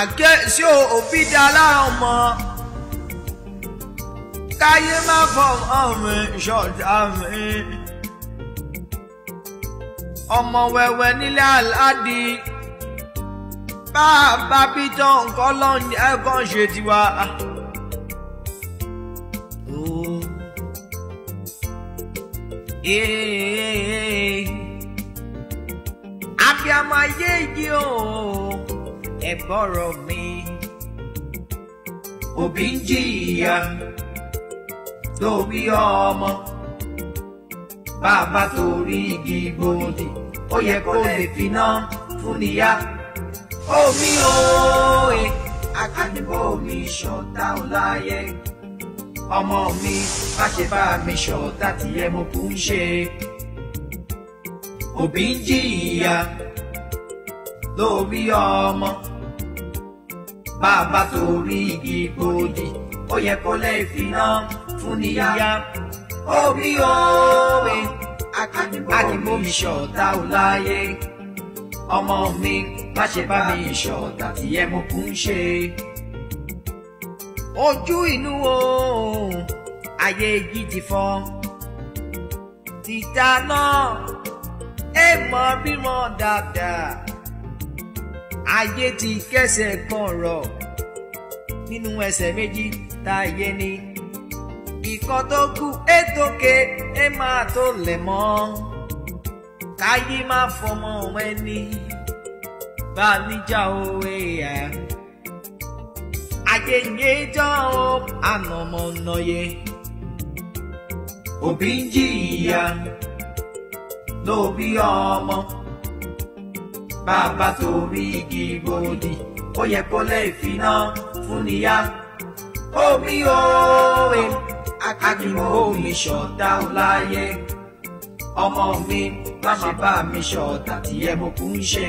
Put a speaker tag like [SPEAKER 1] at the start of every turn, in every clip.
[SPEAKER 1] àké sí òbí dá
[SPEAKER 2] láwọn ọmọ káyé má fọ ọmọ
[SPEAKER 3] ìṣọ̀dá mi ọmọ wẹ̀wẹ̀ nílé aládì bá a bá bí tán nǹkan lọ́nyẹ ẹ̀kọ́ ṣe tiwa. Abiyamọ ayé yìí ooo ẹ gbọ́rọ̀ mi. òbí ń jìyà lórí ọmọ bàbá torí igi gbòdì ó yẹ kó lè finá fún mi shota ọláyẹ ọmọ mi má ṣe bá mi ṣọ̀tá tìyẹ mo kù ń ṣe. òbí ń jìyà lórí bàbá torí igi gbòdì ó yẹ kọ́lẹ́ ìfiná fún níyà òbí òwe akíbomi ṣọ̀tá ò láyé ọmọ mi má bá mi ṣọ̀tá tí ẹ mú kún ṣe. ojú inú o ayé gidi fọ́ títa náà ẹ mọ bímọ dáadáa ayé ti kẹsẹ̀ kan rọ̀ nínú ẹsẹ̀ méjì táyé ní ìkọ́ tó kú ètòkè ẹ máa tó lẹ̀ mọ́ káyé má fọmọ ọmọ ẹni bá níjà òwe ẹ̀ ayé yẹn jọ ànàmọ́ nọyẹ òbí ń jìyà lóbi ọmọ bàbá torí igi gbòdì ó yẹ kọ́lẹ́ ìfiná fún níyà omi òwe akímọ̀ omi ṣọ̀tá ọláyé ọmọ mi má ṣe bá mi ṣọ̀tá tí ẹ mo kún ṣe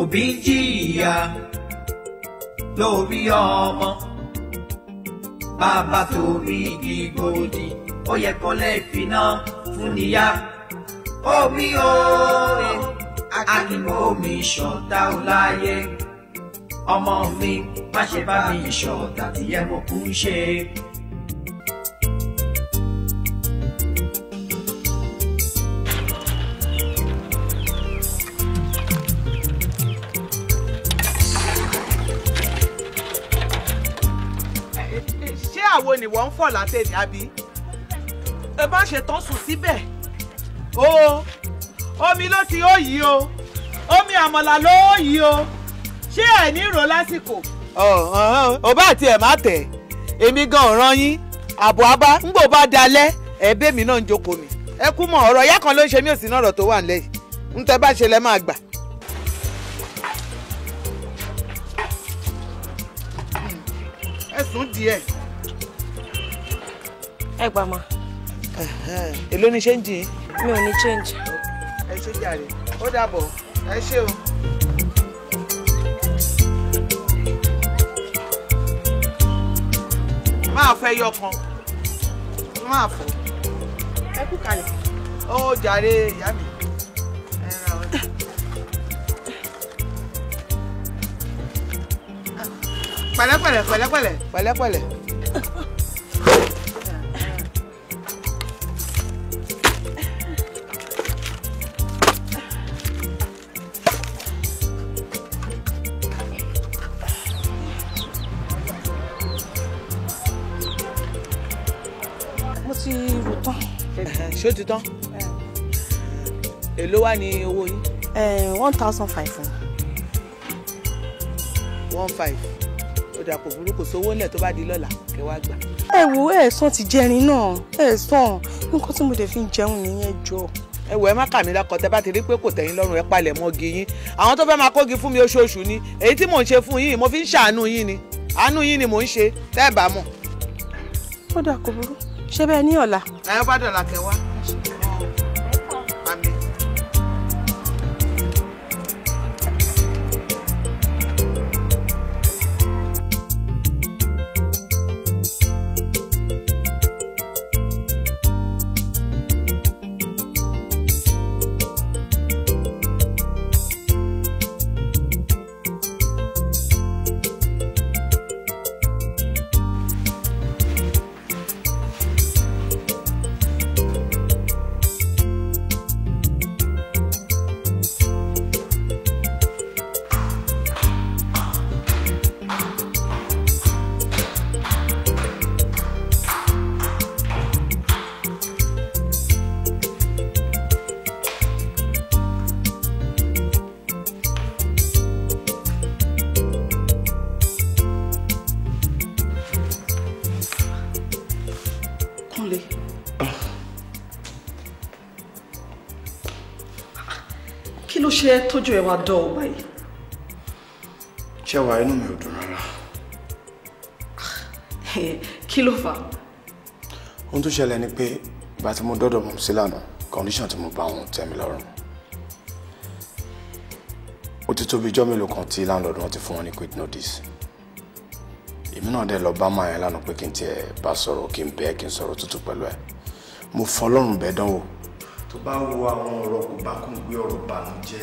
[SPEAKER 3] òbí jìyà lórí ọmọ bàbá torí igi gbòdì ó yẹ kọ́lẹ́ ìfiná fún níyà omi òwe akíkó mi ṣọ̀tá ò ọmọ mi má ṣe bá mi ṣọ̀tá
[SPEAKER 1] tí ẹ mọ̀ kú ṣe.
[SPEAKER 2] wo ni wọ́n ń fọ̀ látẹ̀ ni àbí ẹ bá ṣe tán sùn síbẹ̀ o omi ló ti ó yìí o omi àmàlà ló ó yìí o ṣé ẹ ní ìró lásìkò. ò bá tiẹ̀ má tẹ̀ èmi gan ọ̀ràn yín àbọ̀ abá ń gbò bá dalẹ̀ ẹ mi náà ń jókòó mi ẹ kú mọ ọ̀rọ̀ ìyá kan ló ń ṣe mí ò sí náà ọ̀rọ̀ tó wà nílẹ̀ yìí ń tẹ́ bá ṣe lẹ́ máa gbà. ẹ sùn ẹ
[SPEAKER 4] gbà má. èló ni ṣé ń jìn. mi ò ní change
[SPEAKER 2] ẹ ṣe jàre ó dàbọ̀ ẹ o. máa fẹ́ yọ kan máa fọ ẹ kú kalẹ̀ ó jàre ìyá mi. pẹ̀lẹ́pẹ̀lẹ́ pẹ̀lẹ́pẹ̀lẹ́ pẹ̀lẹ́pẹ̀lẹ́. ti tán èló wà ní
[SPEAKER 4] owó yín. Eh, one thousand five.
[SPEAKER 2] one five ó dà kò burú kò sówó ńlẹ̀ tó bá di lọ́la kẹ́ wá gbà.
[SPEAKER 4] ẹ wo ẹ̀sán ti jẹrin náà ẹ̀sán nǹkan tí mo dẹ̀ fi ń jẹun nìyẹn jọ
[SPEAKER 2] ẹ wò ẹ má kà mí lákọ tẹ bá ti rí pé kò tẹ̀yìn lọ́rùn ẹ palẹ̀ mọ́ gi yín àwọn tó fẹ́ máa kógi fún mi oṣooṣù ni èyí tí mò ń ṣe fún yín mo fi ń ṣàánú yín ni àánú yín ni mò ń ṣe tẹ́ ẹ bá mọ̀. ó dà kó burú ṣé bẹ́ẹ̀ ní ọ̀la. ẹ bá dọ̀la kẹwàá.
[SPEAKER 4] ṣe tójú ẹ wá dọ̀ báyìí.
[SPEAKER 5] ṣẹ́wàá inú mi ò dùn rárá.
[SPEAKER 4] kí ló fà á?
[SPEAKER 5] ohun tó ṣẹlẹ̀ ni pé ìgbà tí mo dọ́dọ̀ mọ̀ sí lánàá kọ́ndíṣàn tí mo bá wọn tẹ́ mi lọ́rùn. ó ti tó bí ijọ́ mélòó kan tí láńlọ́ọ̀dù wọn ti fún wọn ní quit notice èmi náà dẹ̀ lọ bá máa yẹn lánàá pé kí n tiẹ̀ bá sọ̀rọ̀ kí n bẹ́ẹ̀ kí n sọ̀rọ̀ tútù pẹ̀lú ẹ̀ mo fọlọ́run bẹ́ẹ̀ dánwò tó bá wo àwọn ọ̀rọ̀ kò bá kún gbé ọ̀rọ̀ bànújẹ́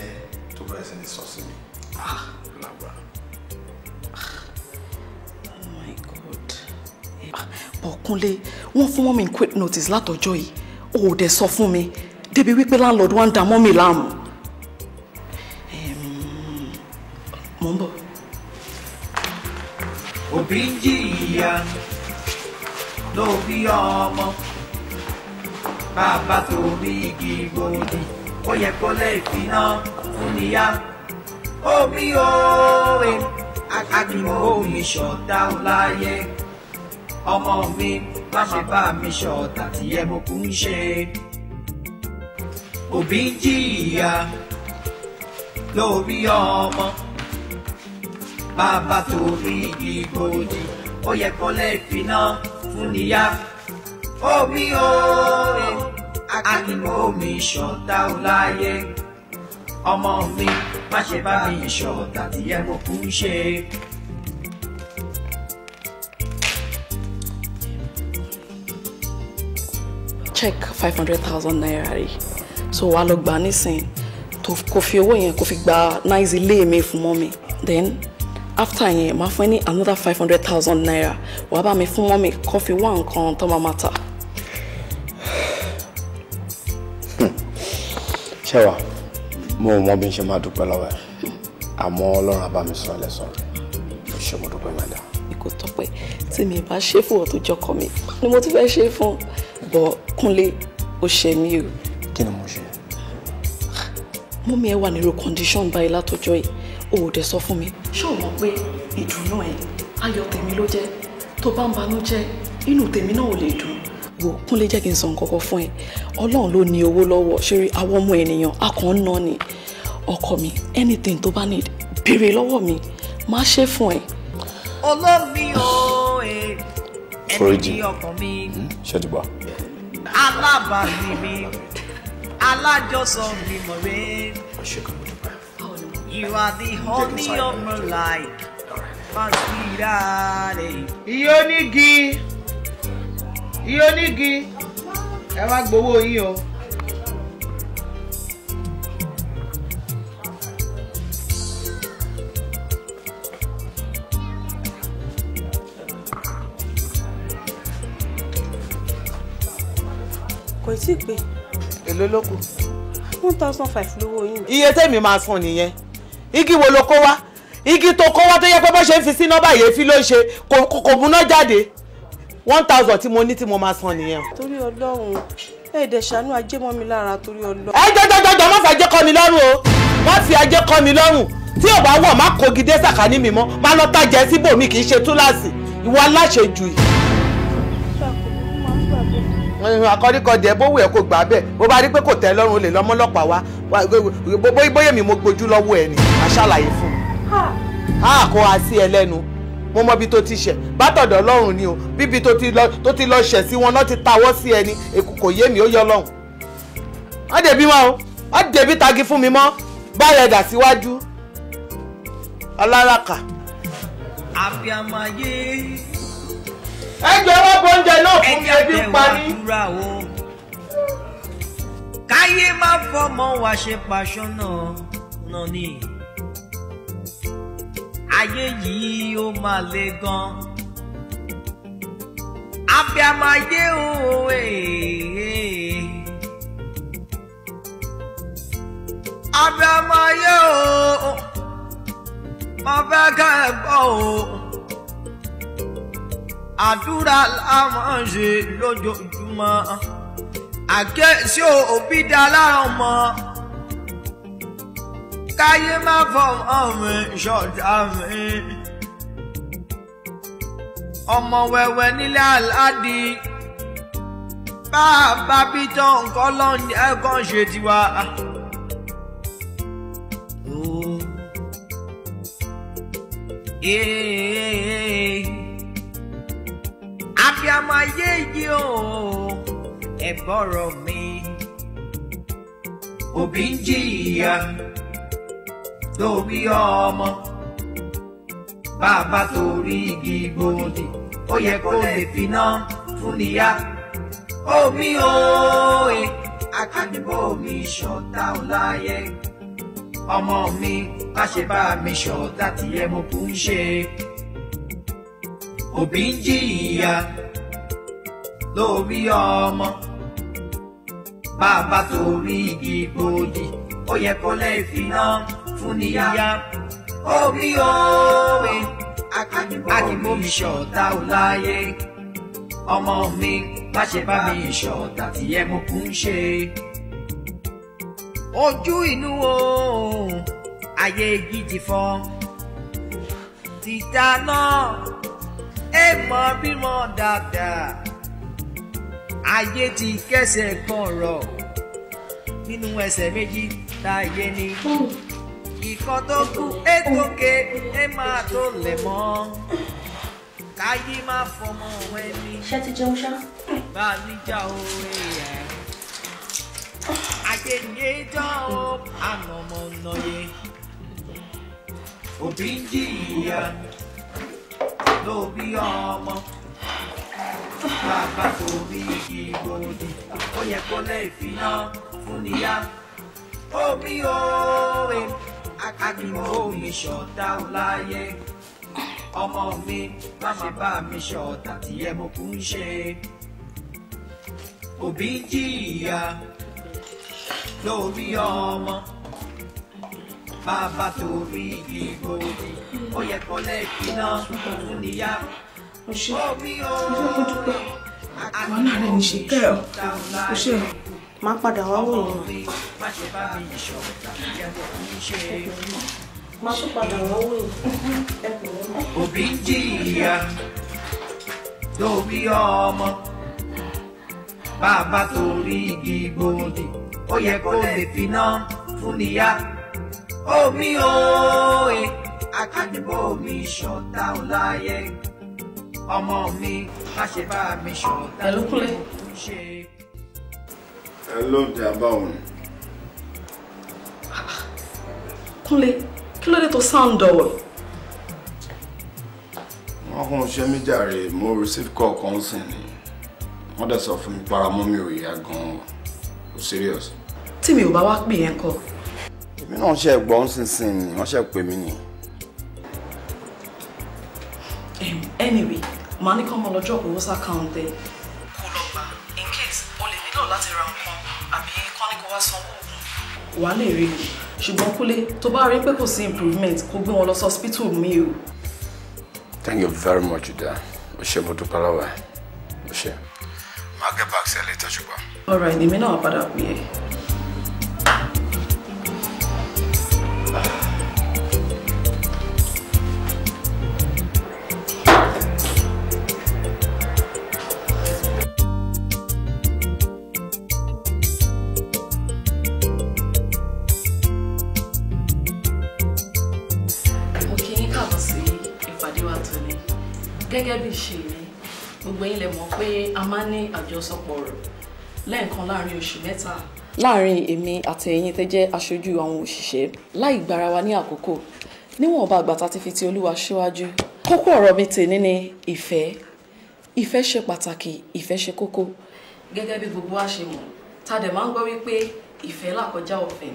[SPEAKER 5] tó bẹ̀rẹ̀ sí ní sọ sí mi. Ah.
[SPEAKER 4] oh my god. Ah, bọ̀kúnlé wọ́n fún mọ́mí quick notice látọjọ́ yìí o ò dẹ̀ sọ fún mi débi wípé landlord wá ń da mọ́mí láàmú. mo ń bọ̀.
[SPEAKER 3] òbí ń jìyà ló ọmọ bàbá torí igi ìròyìn ó yẹ kọ́lẹ́ ìfiná òníyá omi òwe agbìmọ̀ omi ṣọ̀tá láyé ọmọ mi má ṣe bá mi ṣọ̀tá tí ẹ mo kú ń ṣe òbí jìyà lórí ọmọ bàbá torí igi ìròyìn ó yẹ kọ́lẹ́ ìfiná fún níyà omi oore akíkó omi ìṣọ̀tá ò láyé ọmọ mi má ṣe bá mi ìṣọ̀tá
[SPEAKER 4] tí ẹ mo kú ṣe. check five hundred thousand naira rí so wàá lọ gbà nísìnyí kò fi owó yẹn kò fi gba náìsí ilé mi fún mọ́ mi then after yẹn máa fún ẹ ní another five hundred thousand naira wàá bá mi fún mọ́ mi kó fi wá nǹkan tó máa ma ta.
[SPEAKER 2] ṣẹ́wà
[SPEAKER 5] mo mọ bí n ṣe máa dúpẹ́ lọ́wọ́ ẹ̀ àmọ́ ọlọ́run abámisọ ẹlẹ́sọ rẹ̀ mo ṣe
[SPEAKER 4] mo dúpẹ́ mẹ́ta. kò tọpẹ tí mi bá ṣe fún ọ tó jọkọ mi ni mo ti fẹ́ ṣe fún bọ Kúnlé ó ṣe mí o. kí ni mo ṣe. mú mi ẹ wà nírò condition báyìí látọjọ́ yìí o ò dẹ sọ fún mi. ṣé o mọ pé ìdùnnú ẹ ayọ̀ tèmi ló jẹ́ tó bá ń banú jẹ́ inú tèmi náà ò lè dùn wò kúnlé jẹ́ kí n sọ nǹkan fún ẹ ọlọ́run ló ní owó lọ́wọ́ ṣeré àwọn ọmọ ènìyàn a ná ni ọkọ mi anything tó bá need béèrè lọ́wọ́ mi má ṣe fún ẹ.
[SPEAKER 3] olómi o e, ẹni ní ọkàn mi hmm, ṣèjúbà alábàámi mi alájọsọ mi mọ̀rẹ́ you are the honey of my life.
[SPEAKER 2] Masirare. Iyonigi iye onígi ẹ wá gbowó yín o.
[SPEAKER 4] kò tí ì pé. èló ló kù. one thousand five lówó yín.
[SPEAKER 2] iye tèmi máa san nìyẹn igi wo ló kó wá igi tó kó wá tó yẹ pé bó ṣe ń fi síná báyìí èéfín ló ń ṣe kò múná jáde one thousand tí mo ní tí mo máa san nìyẹn.
[SPEAKER 4] torí ọlọ́run ẹ̀ẹ́dẹ̀ ṣàánú ajé mọ́ mi lára torí ọlọ́run. ẹ jọjọjọjọ má fàájẹ kọ́ mi lọ́rùn
[SPEAKER 2] o má fi ajé kọ́ mi lọ́rùn tí ò bá wọ̀ má kogi dé sàkání mi mọ́ má lọ tàjẹ́ síbòmí kì í ṣe túláàsì ìwọ aláṣejù yìí akọ́ríkọdì ẹ bówó ẹ kò gbà bẹ́ẹ̀ bó bá rí pé kò tẹ́ lọ́rùn olè lọ́mọlọ́pàá wa bóyá mi mo gbójú lọ́wọ́ ẹ ni àṣàlàyé fún un. Ha? kò á sí ẹ lẹ́nu mo mọ ibi tó ti ṣẹ̀ bátọ̀dọ̀ ọlọ́run ni o bíbi tó ti lọ ṣẹ̀ sí wọn náà ti tawọ́ sí ẹni èkó kò yé mi ó yọ ọlọ́run. wọ́n dèbí wọn o wọ́n dèbí tagi fún mi mọ́ báyọ̀ dà síwájú ọláràkà.
[SPEAKER 3] àbíàmọ ayé. ẹ jọ ọgbọ oúnjẹ náà fún mi ẹbí ń káyé má fọmọ wa ṣe pàṣọ
[SPEAKER 1] náà náà ni
[SPEAKER 3] ayé yìí ó máa le gan. abiyamọ ayé o ee. Eh, eh. abiyamọ ayé o mo fẹ́ kẹ́ ẹ gbọ́ o. àdúrà la máa ń ṣe lójoojúmọ́ àkẹ́sí òbí dá lára ọmọ táyé má fọwọ́ mi ṣọ̀dá mi. ọmọ wẹ̀wẹ̀ nílé aládì bá a bá bí tán nǹkan lọ́nà ẹ̀kan ṣe tiwa. abiamọ ayé yìí o ẹ bọ̀rọ̀ mi òbí ń jìyà lórí ọmọ bàbá torí igi gbòdì ó yẹ kó lè finá fún níyà omi òòè akádìbò mi ṣọ̀tá ọláyẹ ọmọ mi má ṣe bá mi ṣọ̀tá tìyẹ mo kù ń ṣe òbí ń jìyà lórí ọmọ bàbá torí igi gbòdì ó yẹ kó lè finá fún níyà ó bí òwe akíbomi ṣọ̀tá ò ọmọ mi má ṣe bá mi ṣọ̀tá tí ẹ mú kún ṣe. ojú inú o ayé gidi fọ́ títa náà ẹ mọ bímọ dáadáa ayé ti kẹsẹ̀ kan rọ̀ nínú ẹsẹ̀ méjì tá a yé ni nǹkan tó kù ètòkè ẹ máa tó lẹ̀ mọ́ káyé má fọmọ ẹni. ṣé ti jẹun ṣá. bá a níjà oore ẹ. àjèjì jọ o ànàmọ́ nọyẹ. òbí jìyà lóbi ọmọ bàbá tó bí ìbò ni ó yẹ kó lè fi náà fún níyà. òbí oore akíkó mi ṣọ̀tá láyé ọmọ mi má ṣe bá mi ṣọ̀tá tí ẹ mo kún ṣe òbí jìyà lórí ọmọ bàbá torí ìgbò ó yẹ kọ́lẹ́ẹ̀kì náà fún
[SPEAKER 4] níyà ó mi ò rí akíkó láyé máa padà wá wò yín máa tún padà wá wò yín òbí
[SPEAKER 3] jìyà lórí ọmọ bàbá torí igi gbòdì ó yẹ kó lè finá fún níyà omi òòè akádìbò mi ṣọ̀tá ọláyẹ ọmọ mi má bá mi ṣọ̀tá lórí
[SPEAKER 5] I love dé abáwọn ni.
[SPEAKER 4] Kúnlé kí ló dé tó sound dull.
[SPEAKER 5] wọ́n kún ṣe mí jàre mo receive call kan sìn ni wọ́n dẹ̀ sọ fún mi para mọ́ mi ò yá gan-an o serious.
[SPEAKER 4] tí mi ò bá wá pè yẹn kọ. èmi
[SPEAKER 5] náà ṣe gbọ́n sínsìn ni wọ́n ṣe pè mí ni.
[SPEAKER 4] anyway màá ní kọ́ mọ́ lọ́jọ́ òwúsà káwọn tẹ́. wàá lè rí ṣùgbọ́n Kúnlé tó bá rí pé kò sí improvement kó gbé wọn lọ sí hospital mi o.
[SPEAKER 5] thank you very much Ida o ṣe mo dúpẹ́ lọ́wọ́ ẹ o ṣe. máa gẹ́ bá àṣẹ
[SPEAKER 4] lè tẹ́jú gbà. all right èmi náà padà pè é. àjọsọpọ̀ rẹ̀ lẹ́ẹ̀kan láàrin oṣù mẹ́ta. láàrin èmi àti ẹ̀yin tẹ́ jẹ́ aṣojú àwọn òṣìṣẹ́ láì gbára wa ní àkókò níwọ̀nba àgbà tá ti fi ti olúwa ṣíwájú kókó ọ̀rọ̀ mi tèmi ni ìfẹ́ ìfẹ́ ṣe pàtàkì ìfẹ́ ṣe kókó. gẹ́gẹ́ bí gbogbo wa ṣe mọ̀ ta dẹ̀ máa ń gbọ́ wípé ìfẹ́ làkọjá ọ̀fẹ́.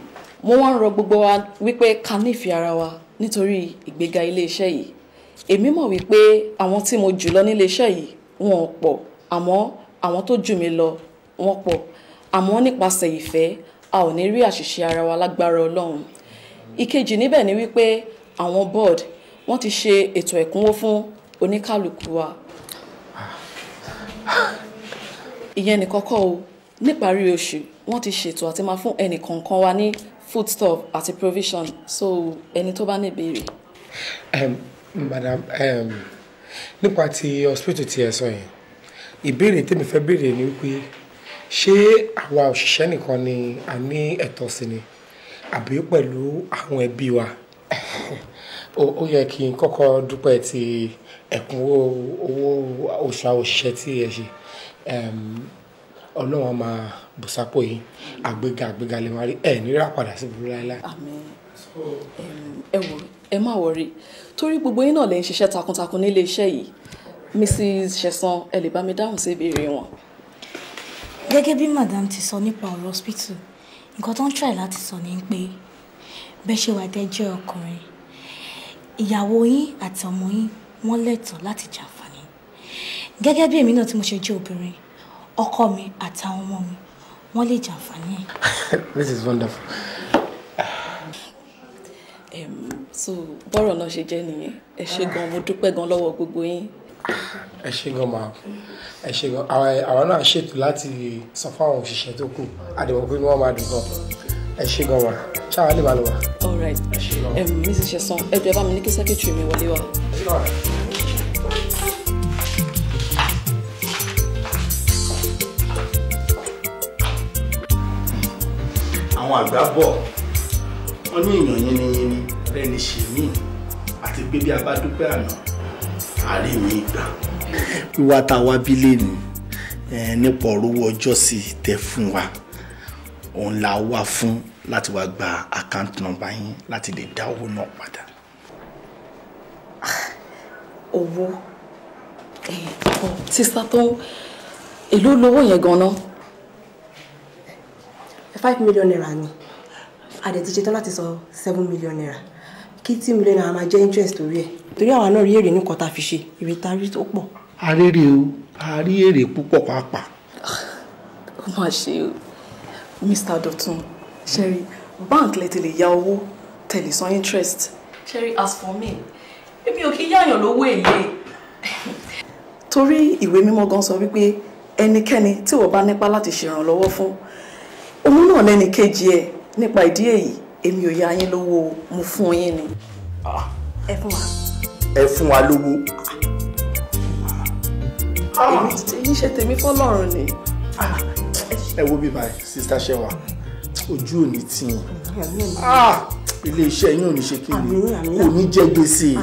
[SPEAKER 4] mo wá ń rọ gbogbo wa wípé ká nífẹ̀ẹ́ ara wa nítorí ìgbéga iléeṣẹ́ yìí èmi mọ̀ wípé àwọn tí mo jù níléeṣẹ́ yìí wọn ò pọ̀ àmọ́ àwọn tó jù mí lọ wọ́n pọ̀ àmọ́ nípasẹ̀ ìfẹ́ a ò ní rí àṣìṣe ara wa lágbára ọlọ́run ìkejì níbẹ̀ ni wípé àwọn board wọ́n ti ṣe ètò ẹ̀kúnwó fún oníkálukú wa ìyẹn nìkan kọ́ o níparí oṣù wọ́n ti ṣètò àti máa fún ẹnìkọ̀ọ̀kan wa ní foodstuff àti provision so ẹni tó bá ní ìbéèrè.
[SPEAKER 5] madam um, nípa ti hospital tí ẹ sọ yẹn ìbéèrè tèmi fẹ́ béèrè ni wípé ṣé àwa òṣìṣẹ́ nìkan ni a ní ẹ̀tọ́ sí ni àbí pẹ̀lú àwọn ẹbí wa ó yẹ kí n kọ́kọ́ dúpẹ́ ti ẹ̀kúnwó owó oṣù àwọn òṣìṣẹ́ tí ẹ ṣe ọlọ́run máa bùsápò yìí àgbéga àgbéga lè máa rí ẹ̀ nírà padà sí burú láéláé. àmín
[SPEAKER 4] ẹ wò ẹ má wọrí torí gbogbo yín náà lè ń ṣiṣẹ́ takuntakun nílé iṣẹ́ yìí Mrs. Shesan ẹ lè bá mi dáhùn sí ìbéèrè wọn. gẹ́gẹ́ bí madam ti sọ nípa ọ̀rọ̀ hospital nǹkan tó ń try láti sọ ni pé bẹ́ẹ̀ ṣe wà tẹ́ jẹ́ ọkùnrin ìyàwó yín àti ọmọ yín wọ́n lẹ́tọ̀ọ́ láti jàǹfààní gẹ́gẹ́ bí èmi náà tí mo ṣe jẹ́ obìnrin ọkọ mi àtàwọn ọmọ mi wọ́n lè jàǹfààní
[SPEAKER 5] This is wonderful.
[SPEAKER 4] um, so bọ́rọ̀ náà ṣe jẹ́ nìyẹn ẹ ṣé gan mo dúpẹ́ gan lọ́wọ́ gbogbo yín
[SPEAKER 5] ẹ ṣe gan ma ẹ ṣe gan àwa náà ṣètò láti
[SPEAKER 4] sọ fún àwọn òṣìṣẹ́ tó kù àdìmọ̀ pé wọ́n máa dùn gan ẹ ṣe gan ma ṣáà lè máa lọ wa. all right mrs sheson ẹ bẹ bá mi ní kí sẹ́kẹ̀tì mi wọlé wa.
[SPEAKER 5] àwọn àgbà bọ̀ wọ́n ní èèyàn yín ni yín ni rẹ̀ ní ṣèmí àti pé bí a bá dúpẹ́ àná àárí mi gbà. wíwá tá a wá bí lẹ́nu nípa ọ̀rọ̀ ọjọ́ sí tẹ fún wa òun la wá fún láti wá gba àkáǹtì nọ́mbà yín láti lè dá owó náà padà.
[SPEAKER 4] owó sísá tó èló lówó yẹn ganan. five million naira ni a dẹ̀ ti ṣetán láti sọ seven million naira kí tí million naira máa jẹ́ interest lórí ẹ̀ torí àwa náà rí èrè ní kọta fi ṣe èrè ta rí tó pọ̀.
[SPEAKER 6] a rí èrè o a rí èrè púpọ̀ pàápàá.
[SPEAKER 4] ó mà ṣe o Mr. Dotun ṣẹ́rí bank lè ti lè ya owó tẹ̀lé san interest ṣẹ́rí as for me èmi ò kí yáyàn lówó èlé. torí ìwé mímọ́ gan sọ wípé ẹnikẹ́ni tí wọ́n bá nípa láti ṣèrànlọ́wọ́ fún òun náà lẹ́ni kejì ẹ̀ nípa ìdí èyí èmi ò yá yín lówó mo fún yín ni. Ah. ẹ fún wa
[SPEAKER 5] ẹ fún wa lówó.
[SPEAKER 4] èmi ti ti tèmi fọlọ́run ni.
[SPEAKER 5] ẹ wo bí báyìí sista Ṣẹ́wà ojú ò ní tì
[SPEAKER 1] yín ah,
[SPEAKER 5] ilé iṣẹ́ yín ò ní ṣe kíni kò ní jẹ gbèsè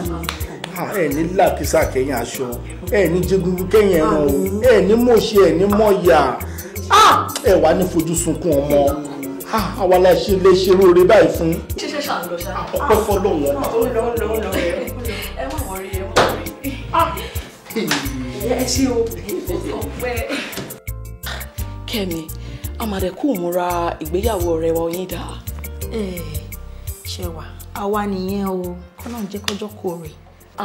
[SPEAKER 5] ah, ẹ ní làkísà kẹyìn aṣọ ẹ ní jẹgúrú kẹyìn ẹran o ẹ ní mọṣẹ ẹ ní mọyà ah, ẹ wà ní fojú sunkún ọmọ àwa la ṣe lè ṣe lóore báyìí fún
[SPEAKER 4] ọpẹ́ fọ́lọ́run ọmọ. ẹ ṣe o ọpẹ́. Kẹ́mi amàdẹ̀kù múra ìgbéyàwó ọ̀rẹ́ wa oyin dà. ṣẹwà àwa nìyẹn o kọ́nà jẹ́ kọjọ́ kò rè.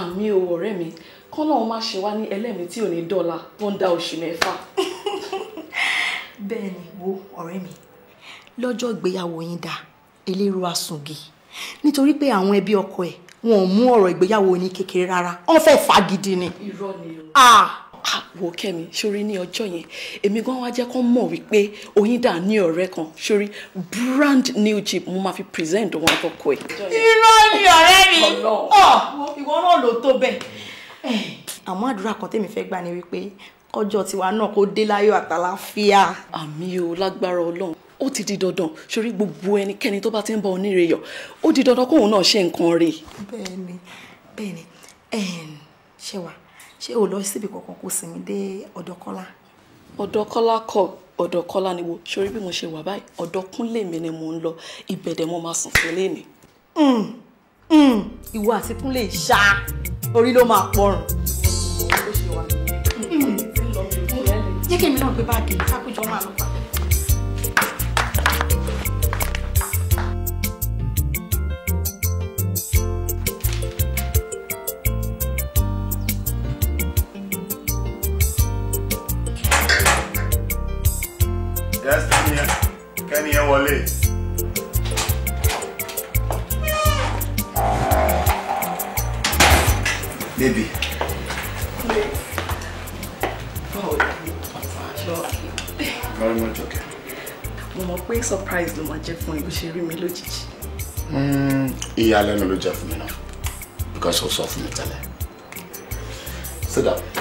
[SPEAKER 4] àmì o ọ̀rẹ́ mi kọ́nà má ṣe wá ní ẹlẹ́mìí tí ò ní dọ́là tó ń da oṣù mẹ́fà. bẹ́ẹ̀ ni wo ọ̀rẹ́ mi lọ́jọ́ ìgbéyàwó yín dà elérò asùnge nítorí pé àwọn ẹbí ọkọ ẹ̀ wọn ò mú ọ̀rọ̀ ìgbéyàwó ní kékeré rárá wọ́n fẹ́ fagidi ni. irọ́ ni o ah. Ah, wo kẹ́mi sórí ní ọjọ́ yẹn èmi gan wá jẹ́ kó mọ̀ wípé oyinda ní ọ̀rẹ́ kan sórí brand new jeep mo máa fi present wọn àkọ́kọ́ ẹ̀. irọ́ ni ọ̀rẹ́ mi ah, ìwọ náà ló tó bẹ́ẹ̀. Eh, àmọ́ àdúrà kan tèmi fẹ́ gbà ni wípé kọjọ́ tiwa náà kó dé láyọ̀ àtàlàáfíà. àmì o lágbára ọlọ́run ó ti di dandan sórí gbogbo ẹnikẹ́ni tó bá ti ń bọ oníre yọ ó di dandan kóun náà ṣe nǹkan rẹ̀. bẹ́ẹ̀ni bẹ́ẹ̀ni ṣé wà ṣé o lọ síbi kankan kó sinmi dé ọ̀dọ̀ Kọ́lá. kọ ọ̀dọ̀ ni wo sórí bí mo ṣe wà báyìí ọ̀dọ̀ Kúnlé mi ni mo ń lọ ìbẹ̀dẹ̀ mo máa sùn sílé ni. Mm, mm. ìwọ àti Kúnlé ṣá orí ló máa pọrùn. Mm, jẹ́ kí èmi náà gbé báàgì mi kákójọ máa
[SPEAKER 1] lọ pàdé.
[SPEAKER 5] yes kẹ́ni yẹn kẹ́ni baby.
[SPEAKER 1] very much okay.
[SPEAKER 4] mo mọ̀ pé surprise ló máa jẹ́ fún ẹ bó ṣe rí mi lójijì.
[SPEAKER 5] Hmm, ìyàlẹ́nu ló jẹ́ fún mi náà because ó sọ fún mi tẹ́lẹ̀. sit down.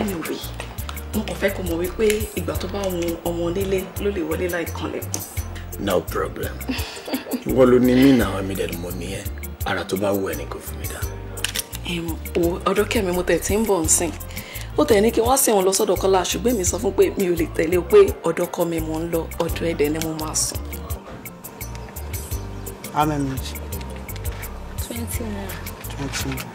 [SPEAKER 4] anyway mo kàn fẹ́ kó mọ̀ wípé ìgbà tó bá wọn ọmọ onílé ló lè wọlé láì kanlẹ̀.
[SPEAKER 5] no problem ìwọ ló ní mí náà mi dẹ̀ mo ní ẹ ara tó bá wù ẹ ní kò fún mi dá.
[SPEAKER 4] ọ̀dọ̀ kẹ́mi mo tẹ̀ tí ń bọ̀ ń sìn ó tẹ̀ ní kí wọ́n sìn wọn lọ sọ́dọ̀ kọ́lá ṣùgbọ́n mi sọ fún pé mi ò lè tẹ̀lé o pé ọ̀dọ̀ kọ́ mi mò ń lọ ọ̀dọ̀ ẹ̀dẹ̀ ni mo máa sùn. how twenty one.
[SPEAKER 1] twenty one.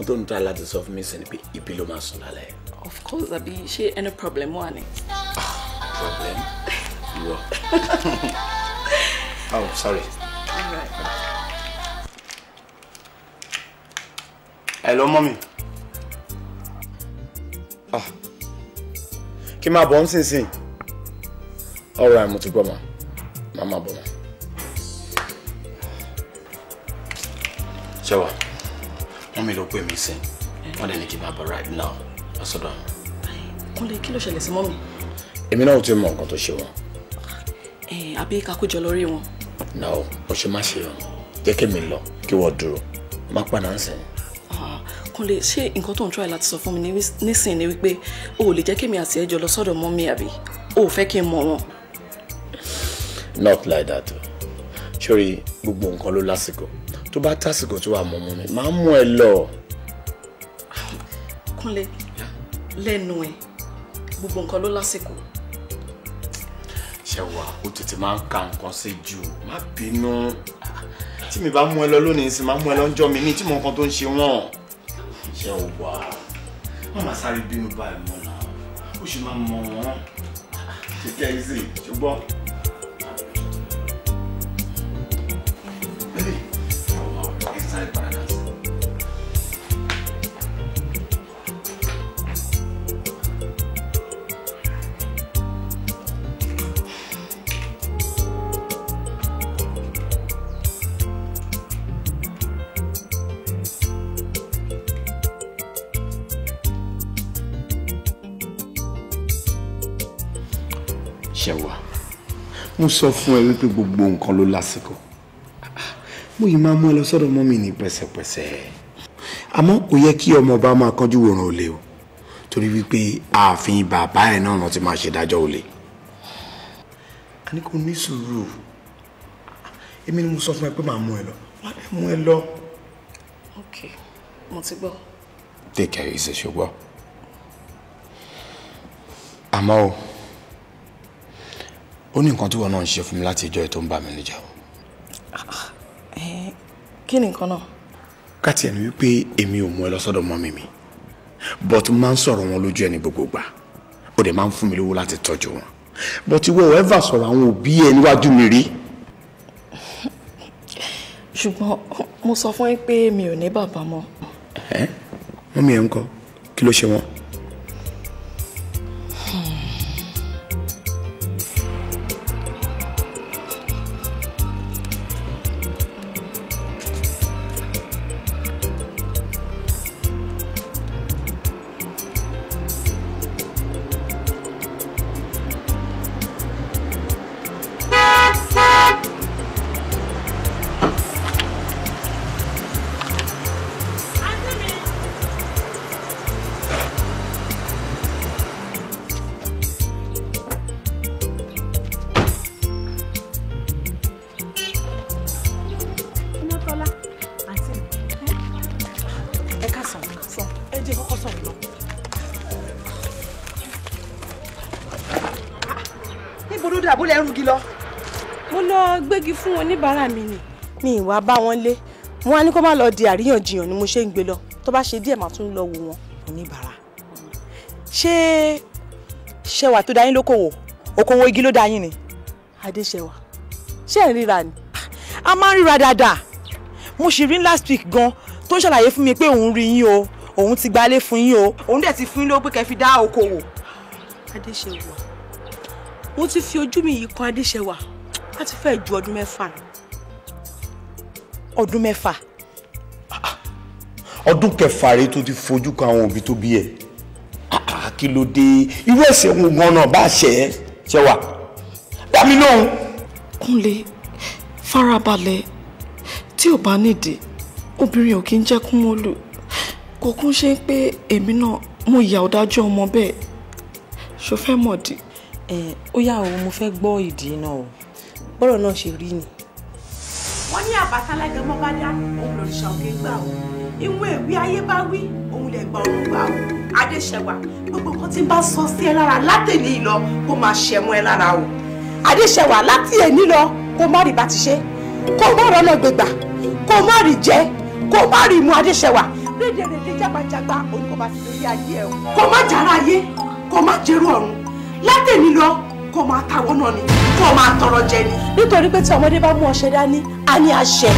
[SPEAKER 5] nǹkan tó ń láti sọ fún mi sí ni ibi ló máa sùn lálẹ́.
[SPEAKER 4] of course àbí ṣé any problem wà ni. Ah,
[SPEAKER 5] problem ìwọ. oh sorry.
[SPEAKER 1] All right.
[SPEAKER 5] hello mọ́mí. Ah. kí n máa bọ̀ ń sìn sìn. all right mo ti gbọ́ ma máa bọ̀ ma. pè mí sí wọ́n dẹ̀ ní kí n máa bọ̀ right now lọ́sọ̀dọ̀ àwọn.
[SPEAKER 4] kúnlẹ̀ kí ló ṣẹlẹ̀ sí mọ́mì.
[SPEAKER 5] èmi náà ò tí ì mọ nǹkan tó ṣe wọn.
[SPEAKER 4] àbí kakójọ lọ rí wọn.
[SPEAKER 5] no o ṣe má ṣe o jẹ́ kí mi lọ kí wọ́n dúró má padà ń sẹ́yìn.
[SPEAKER 4] kúnlẹ̀ ṣé nǹkan tó ń tọ́ ẹ láti sọ fún mi nísìnyí ni wípé o ò lè jẹ́ kí mi àti ẹjọ́ lọ sọ́dọ̀ mọ́mì àbí o ò fẹ́ kí n mọ̀ wọn.
[SPEAKER 5] not like that sori gbogbo nǹkan ló lásìkò tó bá tásìkò tó wà mọ́ mọ́ mi máa ń mú ẹ lọ
[SPEAKER 4] kúnlẹ̀ lẹ́nu ẹ̀ gbogbo nǹkan ló lásìkò.
[SPEAKER 5] ṣẹ̀wà ó tètè máa ń ka nǹkan sí jù má bínú tí mi bá mú ẹ lọ lónìí sì máa mú ẹ lọ́jọ́ mi ní tí mo nǹkan tó ń ṣe wọ́n. ṣẹ̀wà má má sáré bínú báyìí mọ́ náà ó sì máa mọ̀ wọ́n. kíkẹ́ ẹ́ sì ṣùgbọ́n. sọ fún ẹ wípé gbogbo nǹkan ló lásìkò mo yìí máa mú ẹ lọ sọ́dọ̀ mọ́ mi ní pẹ̀sẹ̀pẹ̀sẹ̀ àmọ́ kò yẹ kí ọmọ ọba máa kánjú wòran olè o torí wípé ààfin bàbá ẹ náà ti máa ṣèdájọ́ olè a ní kò ní sùúrù èmi ni mo sọ fún ẹ pé màá mú ẹ lọ
[SPEAKER 4] wàá dé mú ẹ lọ. ok mo ti gbọ́.
[SPEAKER 5] take care ìṣèṣogbọ́ àmọ́ o ó ní nǹkan tí wọn náà ń ṣe fún mi láti ìjọ tó ń bà mí níjà.
[SPEAKER 4] Eh, kí ni nǹkan náà.
[SPEAKER 5] káti ẹni wípé èmi ò mú ẹ lọ sọ́dọ̀ mọ́ mi mi but máa ń sọ̀rọ̀ wọn lójú ẹni gbogbo gbà ó dẹ̀ máa ń fún mi lówó láti tọ́jú wọn but ìwọ ò ẹ́fà sọ̀rọ̀ àwọn òbí ẹ níwájú mi rí.
[SPEAKER 4] ṣùgbọ́n mo sọ fún yín pé mi ò ní bàbá mọ́.
[SPEAKER 5] Eh? ẹ mọ́mí ẹ̀ ń kọ́ kí ló ṣe
[SPEAKER 1] wọ́n.
[SPEAKER 4] fi fún oníbàárà mi nì mi ìwà bá wọn lé wọn á ní kó má lọ di àríyànjiyàn ni mo ṣe ń gbé lọ tó bá ṣe díẹ̀ máa tún lọ wò wọn oníbàárà ṣé ṣẹwà tó dáyín lókòwò okòwò igi ló dáyín ni adéṣẹwà ṣé ẹ̀ ń ríra ni a máa ń ríra dáadáa mo sì rí last week gan tó ń ṣàlàyé fún mi pé òun rí yín o òun ti gbalé fún yín o òun dẹ̀ ti fún yín lówó pé kẹ́ fi dá okòwò adéṣẹwà mo ti fi ojú mi yìí kan adéṣẹwà a ti fẹ́ ju ọdún mẹ́fà lọ ọdún mẹ́fà.
[SPEAKER 5] ọdún kẹfà rèé tó ti fojú kan àwọn òbí tó bí ẹ ah, kí ló dé irú ẹ̀ṣẹ̀ wo ganan bá ṣe ẹ ṣe wà
[SPEAKER 4] dá mi lóhùn. kúnlẹ̀ farabalẹ̀ tí ò bá nídìí obìnrin ò kí ń jẹ́ kún mọ́ lò kò kún ṣe pé èmi náà mo ìyà ọ̀dájú ọmọ bẹ́ẹ̀ ṣo fẹ́ mọ̀ dì. ẹ ó yà ó mo fẹ́ gbọ́ ìdí náà o bọ́rọ̀ náà ṣe rí ni. wọ́n ní àbáta lẹ́gẹ̀ẹ́ mọ́ bá dá òun lòrìṣà òkè gbà o ìwé ìwé ayé bá wí òun lè gba òun gbà o adéṣẹwà gbogbo nǹkan tí ń bá sọ sí ẹ lára látẹ̀lé lọ kó máa ṣẹmú ẹ lára o adéṣẹwà láti èní lọ kó má rí bá ti ṣe kó má rọ́nà gbégbà kó má rí jẹ kó má rí mu adéṣẹwà rédè rédè jágbajàgba òun kò bá ti lórí ayé ẹ o kó má jára ayé kó má jẹrú ọ̀run látẹ̀lé lọ kó máa tawọ́ náà ni kó máa tọrọ jẹ ni. nítorí pé tí ọmọdé bá mú ọṣẹ dání a ní àṣẹ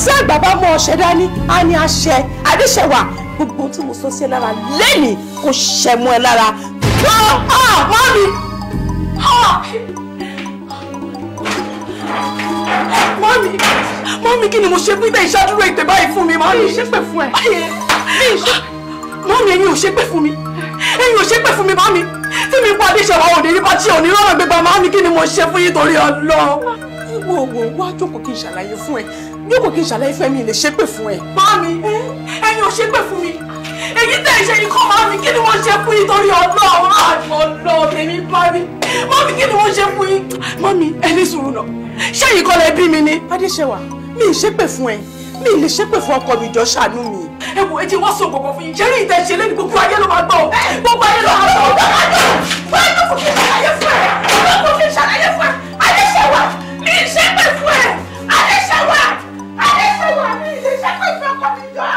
[SPEAKER 4] tí àgbà bá mú ọṣẹ dání a ní àṣẹ àdéṣẹwà gbogbo ohun tí mo sọ sí ẹ lára lẹ́nìí kò ṣẹ̀ mọ́ ẹ lára. mọ́ mi mọ́ mi mọ́ mi kí ni mo ṣe fún ìtẹ̀ ìṣàdúró ètè báyìí fún mi mọ́ mi ṣépè fún ẹ mọ́ mi ẹ̀yin ò ṣépè fún mi ẹ̀yin ò ṣépè fún mi mọ́ mi tí mi pàdé ìṣẹ̀wá òde nípa tí òní lọ́nà gbégbá máa ní kí ni mo ṣe fún yín torí Ọlọ́run. ìwọ òwò wá jókòó kí n ṣàlàyé fún ẹ jókòó kí n ṣàlàyé fún ẹ mi lè ṣépè fún ẹ. Mami ẹ̀yin ò ṣépè fún mi èyí tẹ̀ ṣe yìí kọ́ mami kí ni mo ṣe fún yín torí Ọlọ́run Ọlọ́run tèmi bá mi mami kí ni mo ṣe fún yín. mami ẹni sùúrù náà ṣé yìí kọ́ lẹ bí mi ni. adéṣẹwà mi ì ṣépè fún ẹ mi lè ṣépè fún ọkọ mi jọ ṣàánú mi. ẹ wo ẹjẹ wọn sọ gbọgbọ fún yín jẹrí ìtẹ ṣe lẹni gbogbo ayé ló máa gbọ́
[SPEAKER 1] gbogbo ayé ló máa gbọ́ wọn ló fún mi ṣàlàyé fún ẹ wọn ló fún mi ṣàlàyé fún ẹ adéṣẹwà mi ṣépè fún ẹ adéṣẹwà adéṣẹwà mi lè ṣépè fún ọkọ mi jọ.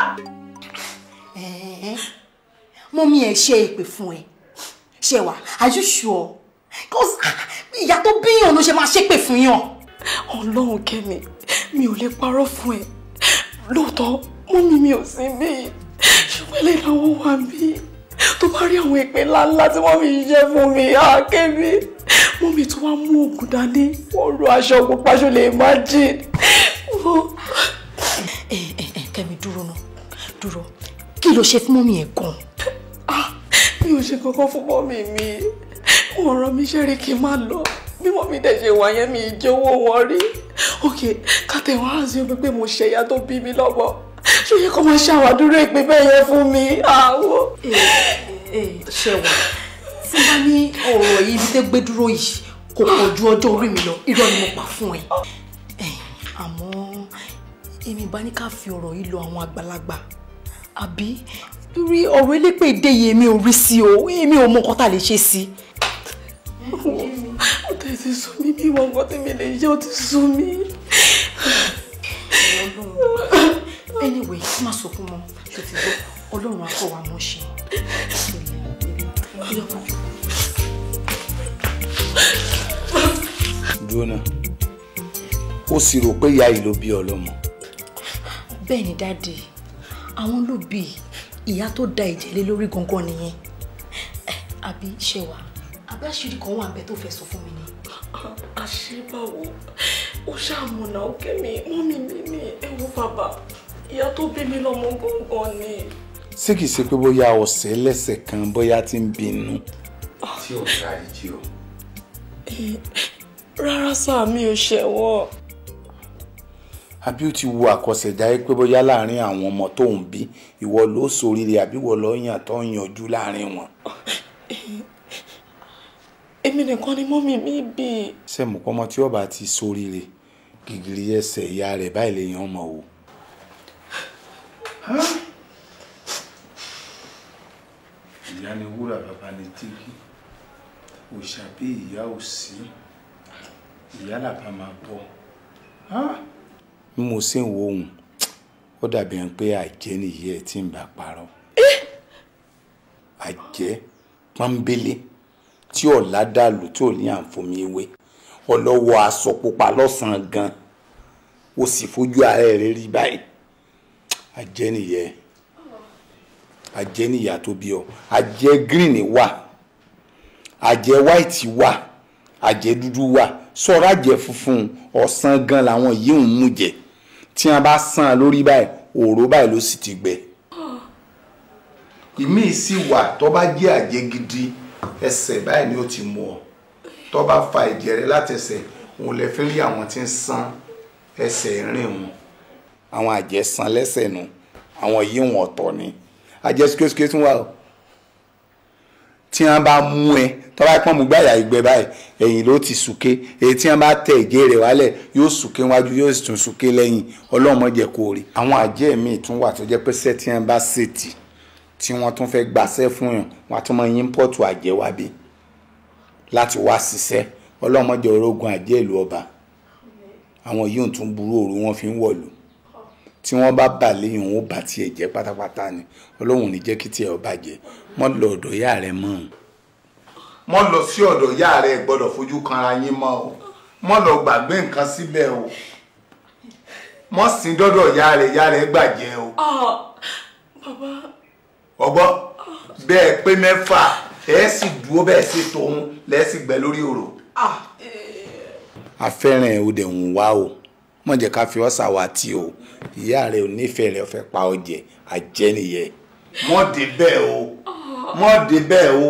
[SPEAKER 4] mọ mi ẹ ṣe èpè fún ẹ ṣe wà are you sure cause ìyá tó bíyàn ló ṣe máa ṣépè fún yàn. Ọlọ́run kẹ́mi mi ò lè parọ́ fún ẹ lóòótọ́ mú mi mi ò sí bí ṣùgbọ́n ẹlẹ́dàá wọn wà bí tó bá rí àwọn ìpè ńláńlá tí wọ́n fi ṣiṣẹ́ fún mi àkébí mú mi tó wá mú oògùn dání wọ́n ro aṣọ ògùn paṣọ lè má jìn. ẹ ẹ ẹ kẹmi dúró náà dúró kí ló ṣe fún mọ́mí ẹ̀ gan. Ah, mi ò ṣe kankan fún mọ́mí mi wọ́n rán mi ṣẹ́rí kí n má lọ bí wọ́n mi dẹ̀ ṣe wà yẹn mi ìjọwọ́ wọn rí òkè kàtẹ́ wọn á sí omi pé mo ṣẹ̀yà tó bí mi lọ́wọ́ ṣó yẹ kó máa ṣàwádúró ìpè bẹ́ẹ̀ yẹn fún mi àwọ̀. Eh, eh, ṣẹwà tí bá ní ọ̀rọ̀ yìí ibi tẹ́ gbé dúró yìí kò pọ̀ ju ọjọ́ orí mi lọ irọ́ ni mo pa fún ẹ. Eh, àmọ́ èmi bá ní ká fi ọ̀rọ̀ yìí lọ àwọn àgbàlagbà àbí torí ọ̀rọ̀ elépè ìdéyìí èmi ò rí sí o èmi ò mọ nǹkan tá a lè ṣe sí lè ti sún mi bí ìwọ nǹkan tèmi lè jẹ́ ó ti sún mi. anyway má sọkún mọ́ tó ti gbọ́ ọlọ́run akọ wa mọ́ ṣe.
[SPEAKER 5] jóná ó sì rò pé ìyá yìí ló bí ọlọ́mọ.
[SPEAKER 4] bẹ́ẹ̀ ni dáàdi àwọn ló bí ìyá tó da ẹ̀jẹ̀ lé lórí gangan nìyẹn àbí ṣẹwàá àbí àṣírí kan wà bẹ́ẹ̀ tó fẹ́ sọ fún mi ni àṣebáwo ó ṣàmùnà ó kẹ́mi mọ́mí mi ní ẹ̀wọ̀n bàbá ìyá tó bí mi lọ́mọ gangan ni.
[SPEAKER 5] ṣé kìí ṣe pé bóyá ọ̀sẹ̀ lẹ́sẹ̀ kan bóyá ti ń bínú. tí ò
[SPEAKER 4] sáré jí o. rárá sáà mi ò ṣẹ̀wọ̀n.
[SPEAKER 5] àbí ó ti wo àkọsẹ̀já yìí pé bóyá láàárín àwọn ọmọ tó ń bí ìwọ ló ṣoríire àbí ìwọ ló yàn tó ń yanjú láàárín wọn.
[SPEAKER 4] èmi nìkan ni mọ́mì mi bí.
[SPEAKER 5] sẹ́mu kọ́mọ tí ọba ti soríire gìgìrì ẹsẹ̀ ìyá rẹ̀ báyìí lè yan ọmọ o. ìyá ni wúrà bàbá ni tíkì òòṣà bí ìyá ò sí ìyá làbá máa bọ. bí mo ṣe ń wo ohun ó dàbí ẹni pé àjẹ́ nìyí ẹ̀ tí ń bá parọ́ eh! àjẹ́ pọ́nbélé tí ọ̀la dàlù tí ò ní àǹfòmí ewé ọlọ́wọ́ aṣọ pupa lọ́sàn-án gan o sì fojú ara rẹ̀ rí báyìí ajẹ́nìyẹ ajẹ́nìyà tó bí ọ ajẹ́ green wà ajẹ́ white wà ajẹ́ dúdú wà sọ̀rọ̀ ajẹ́ funfun ọ̀sán gan làwọn yìí ń mú jẹ tí wọn bá sàn án lórí báyìí òòró báyìí ló sì ti gbẹ
[SPEAKER 6] ìmíì sì wà tó bá
[SPEAKER 5] jẹ́ àjẹ́ gidi ẹsẹ̀ báyìí ni ó ti mú ọ tó bá fa ẹ̀jẹ̀ rẹ látẹsẹ̀ òun lè fi rí àwọn tí ń san ẹsẹ̀ rìn wọn. àwọn àjẹsán lẹ́sẹ̀ nu àwọn yìí wọn ọ̀tọ̀ ni àjẹ sikesike tún wà o tí wọn bá mú ẹ tó bá pọ́n mú gbàyà ìgbẹ báyìí ẹ̀yìn ló ti sùké èyí tí wọn bá tẹ ẹ̀jẹ̀ rẹ̀ wálẹ̀ yóò sùké wájú yóò sì tún sùké lẹ́yìn ọlọ́mọ jẹ́ kó rí. àwọn àjẹ́ mi tún wà tó jẹ́ pé sẹ́tì wọn bá ṣètì tí wọ́n tún fẹ́ gbàṣẹ́ fún yàn wọ́n á tún máa ímpọ́ọ̀tù àjẹ́ wá bí láti wá ṣiṣẹ́ ọlọ́mọdé orógun àjẹ́ ìlú ọba àwọn yìí ń tún burú òru wọn fi ń wọ̀lú tí wọ́n bá bà léyìn òun ó bà tiẹ̀ jẹ́ pátápátá ni ọlọ́run ò ní jẹ́ kí tiẹ̀ ó bàjẹ́ mọ́ lọ ọ̀dọ̀ ìyá rẹ mọ́ ọ. mọ́ lọ sí ọ̀dọ̀ ìyá rẹ gbọ́dọ̀ fojú kanra yín mọ́ o mọ́ lọ gbàgbé nǹkan síbẹ̀ o mọ́ sìn dọ́dọ̀ ìyá rẹ ìyá rẹ gbàjẹ́ o.
[SPEAKER 1] Ah, bàbá
[SPEAKER 5] ọgbọ́n bẹ́ẹ̀ pé mẹ́fà ẹ̀ sì dúró bẹ́ẹ̀ sì tóun lẹ́sì gbẹ lórí òrò. afẹ́ràn ẹ̀ ò dẹ̀ ń wá o mọ̀ jẹ́ ká fi ọ́ ṣàwátì o ìyá rẹ̀ ò nífẹ̀ẹ́ rẹ̀ fẹ́ pa ọ jẹ àjẹ́ nìyẹn. mọ̀ dé bẹ́ẹ̀ o mọ̀ dé bẹ́ẹ̀ o.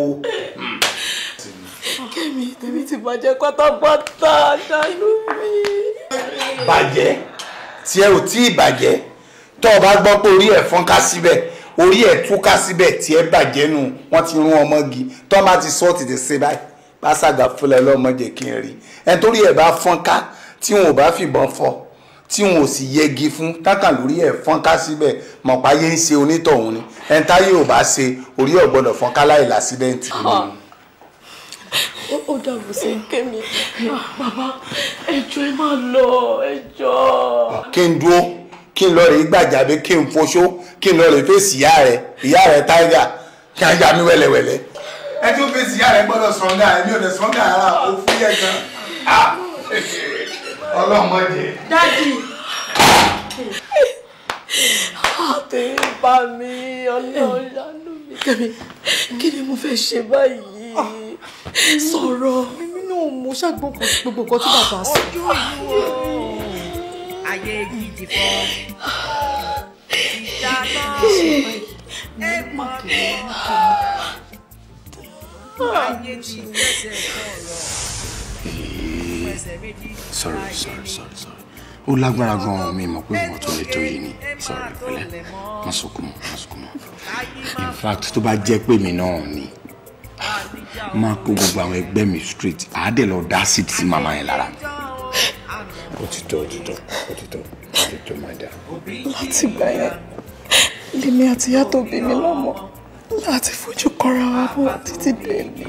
[SPEAKER 4] kẹ́mi tèmi ti bàjẹ́ pátápátá
[SPEAKER 1] ṣáínú mi.
[SPEAKER 5] bàjẹ́ tí ẹ ò tí ì bàjẹ́ tó o bá gbọ́ pé orí ẹ̀ fọ́nká síbẹ̀ orí ẹ̀ túká síbẹ̀ tí ẹ bàjẹ́ nù wọ́n ti rún ọmọgi tó má ti sọ tètè ṣe báyìí bá ṣàgà fúnlẹ̀ lọ́mọdé kí n rí ẹ̀ torí ẹ̀ bá fọ́n ká tí wọn ò bá fìbọn fọ́ tí wọn ò sì yẹgi fún tákàn lórí ẹ fọ́nká síbẹ̀ mọ̀pá yé ń ṣe onítọ̀hún ni ẹni táyé ò bá ṣe orí ò gbọ́dọ̀ fọ́nká láì lásídẹ́ǹtì.
[SPEAKER 4] Ah. ó dàbò sí kémi ah, bàbá ẹjọ́ ẹ máa lọ
[SPEAKER 5] ẹjọ́. kí n dúró kí n lọ rè gbàjà bí kí n foṣó kí n lọ rè fèsì ìyá rẹ ìyá rẹ tiger kí n jà mí wẹ́lẹ́wẹ́lẹ́. ẹ tún fèsì ìyá rẹ gbọ́dọ̀ sọǹgà èmi ò lè sọǹgà ara o fún yẹ gan ah! ọlọmọdé.
[SPEAKER 4] dájú. àtẹ̀yìn bá mi ọlọ́ọ̀lánú mi kẹ́mi kí ni mo fẹ́ ṣe báyìí sọ̀rọ̀. mímí náà mo ṣàgbọ́n gbogbo nǹkan
[SPEAKER 3] tí bàbá sọ. ọjọ́ ìwọ ayé gidi fọ́ ìjà náà ẹ mọ̀ ní
[SPEAKER 1] ọ̀rọ̀ ayé ti fẹsẹ̀ sọ̀rọ̀
[SPEAKER 5] sorry sorry sorry sorry ó lágbára gan-an mi mọ̀ pé ìwọ̀n tó lè tó yìí ni sọ̀rọ̀ ìpínlẹ̀ má sunkún má sunkún in fact tó bá jẹ́ pé mi náà ni máa kó gbogbo àwọn ẹgbẹ́ mi straight àádẹ́ lọ dá sí ti màmá yẹn lára mi.
[SPEAKER 1] òtítọ́ òtítọ́ òtítọ́ òtítọ́ máa dà. láti gbà yẹn
[SPEAKER 4] lèmi àti ìyá tó bí mi lọ́mọ láti fojú kọra wa
[SPEAKER 1] bọ̀ títí dé mi.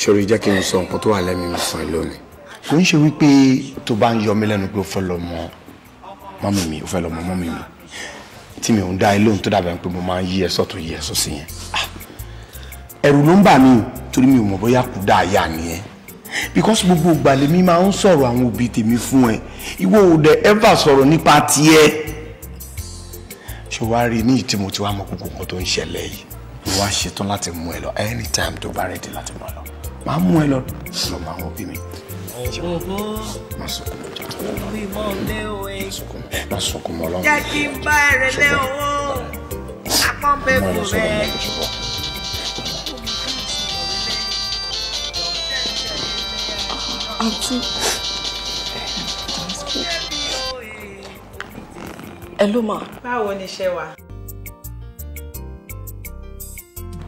[SPEAKER 5] ṣòro jẹ́ kí n sọ nǹkan tó wà lẹ́mìí mi fún ẹ lónìí. kò ń ṣe wípé tó bá ń yọ mí lẹ́nu pé ó fẹ́ lọ mọ mọ́mì mi ó fẹ́ lọ mọ mọ́mì mi tí mi ò ń dá ẹ lóhùn tó dàbẹ̀ pé mo máa ń yí ẹ sọ́tún yí ẹ sọ́sì yẹn ah! ẹ̀rù ló ń bà mí torí mi ò mọ̀ bóyá kù dá àyà nìyẹn because gbogbo ìgbà lèmi máa ń sọ̀rọ̀ àwọn òbí tèmi fún ẹ ìwọ ò dẹ̀ ever sọ̀rọ̀ nípa tiẹ̀ ṣé wàá rí ní ìtí mo ti wá mọ gbogbo nǹkan tó ń ṣẹlẹ̀ yìí mo wá ṣetán láti mú ẹ lọ anytime tó bá rẹ̀ dé láti mú ẹ lọ máa mú ẹ lọ lọ máa wọ́n mi
[SPEAKER 3] ọ̀bọ̀bọ̀ orí mọ́ lé òwe
[SPEAKER 5] jẹ́ kí n bá ẹ̀rẹ̀ lé owó
[SPEAKER 3] apọ́nbẹ́kù rẹ̀.
[SPEAKER 4] àǹtí ẹ ló mà.
[SPEAKER 2] báwo ni ṣe wà.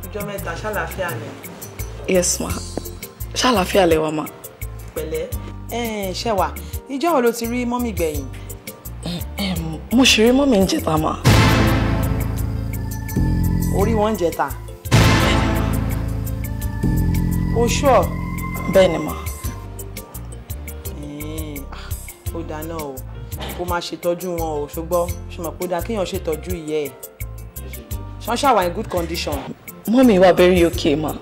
[SPEAKER 2] ọjọ́ mẹ́ta
[SPEAKER 4] yes ma Shall I feel wà ma pẹ̀lẹ́. ṣẹ́wà ìjọ́ wo ló ti rí mọ́mì gbẹ̀yìn. mo ṣì rí mọ́mì ń jẹta mà. orí wọn ń jẹta. oṣù ọ. bẹ́ẹ̀ ni mà.
[SPEAKER 2] Ah, ó dáná o kó máa ṣètọ́jú wọn o ṣùgbọ́n ṣùgbọ́n kó dáa kéèyàn ṣètọ́jú ìyẹ́ ẹ̀ ṣọ́ṣà wà in good condition.
[SPEAKER 4] mọ́mì wà very okay mà.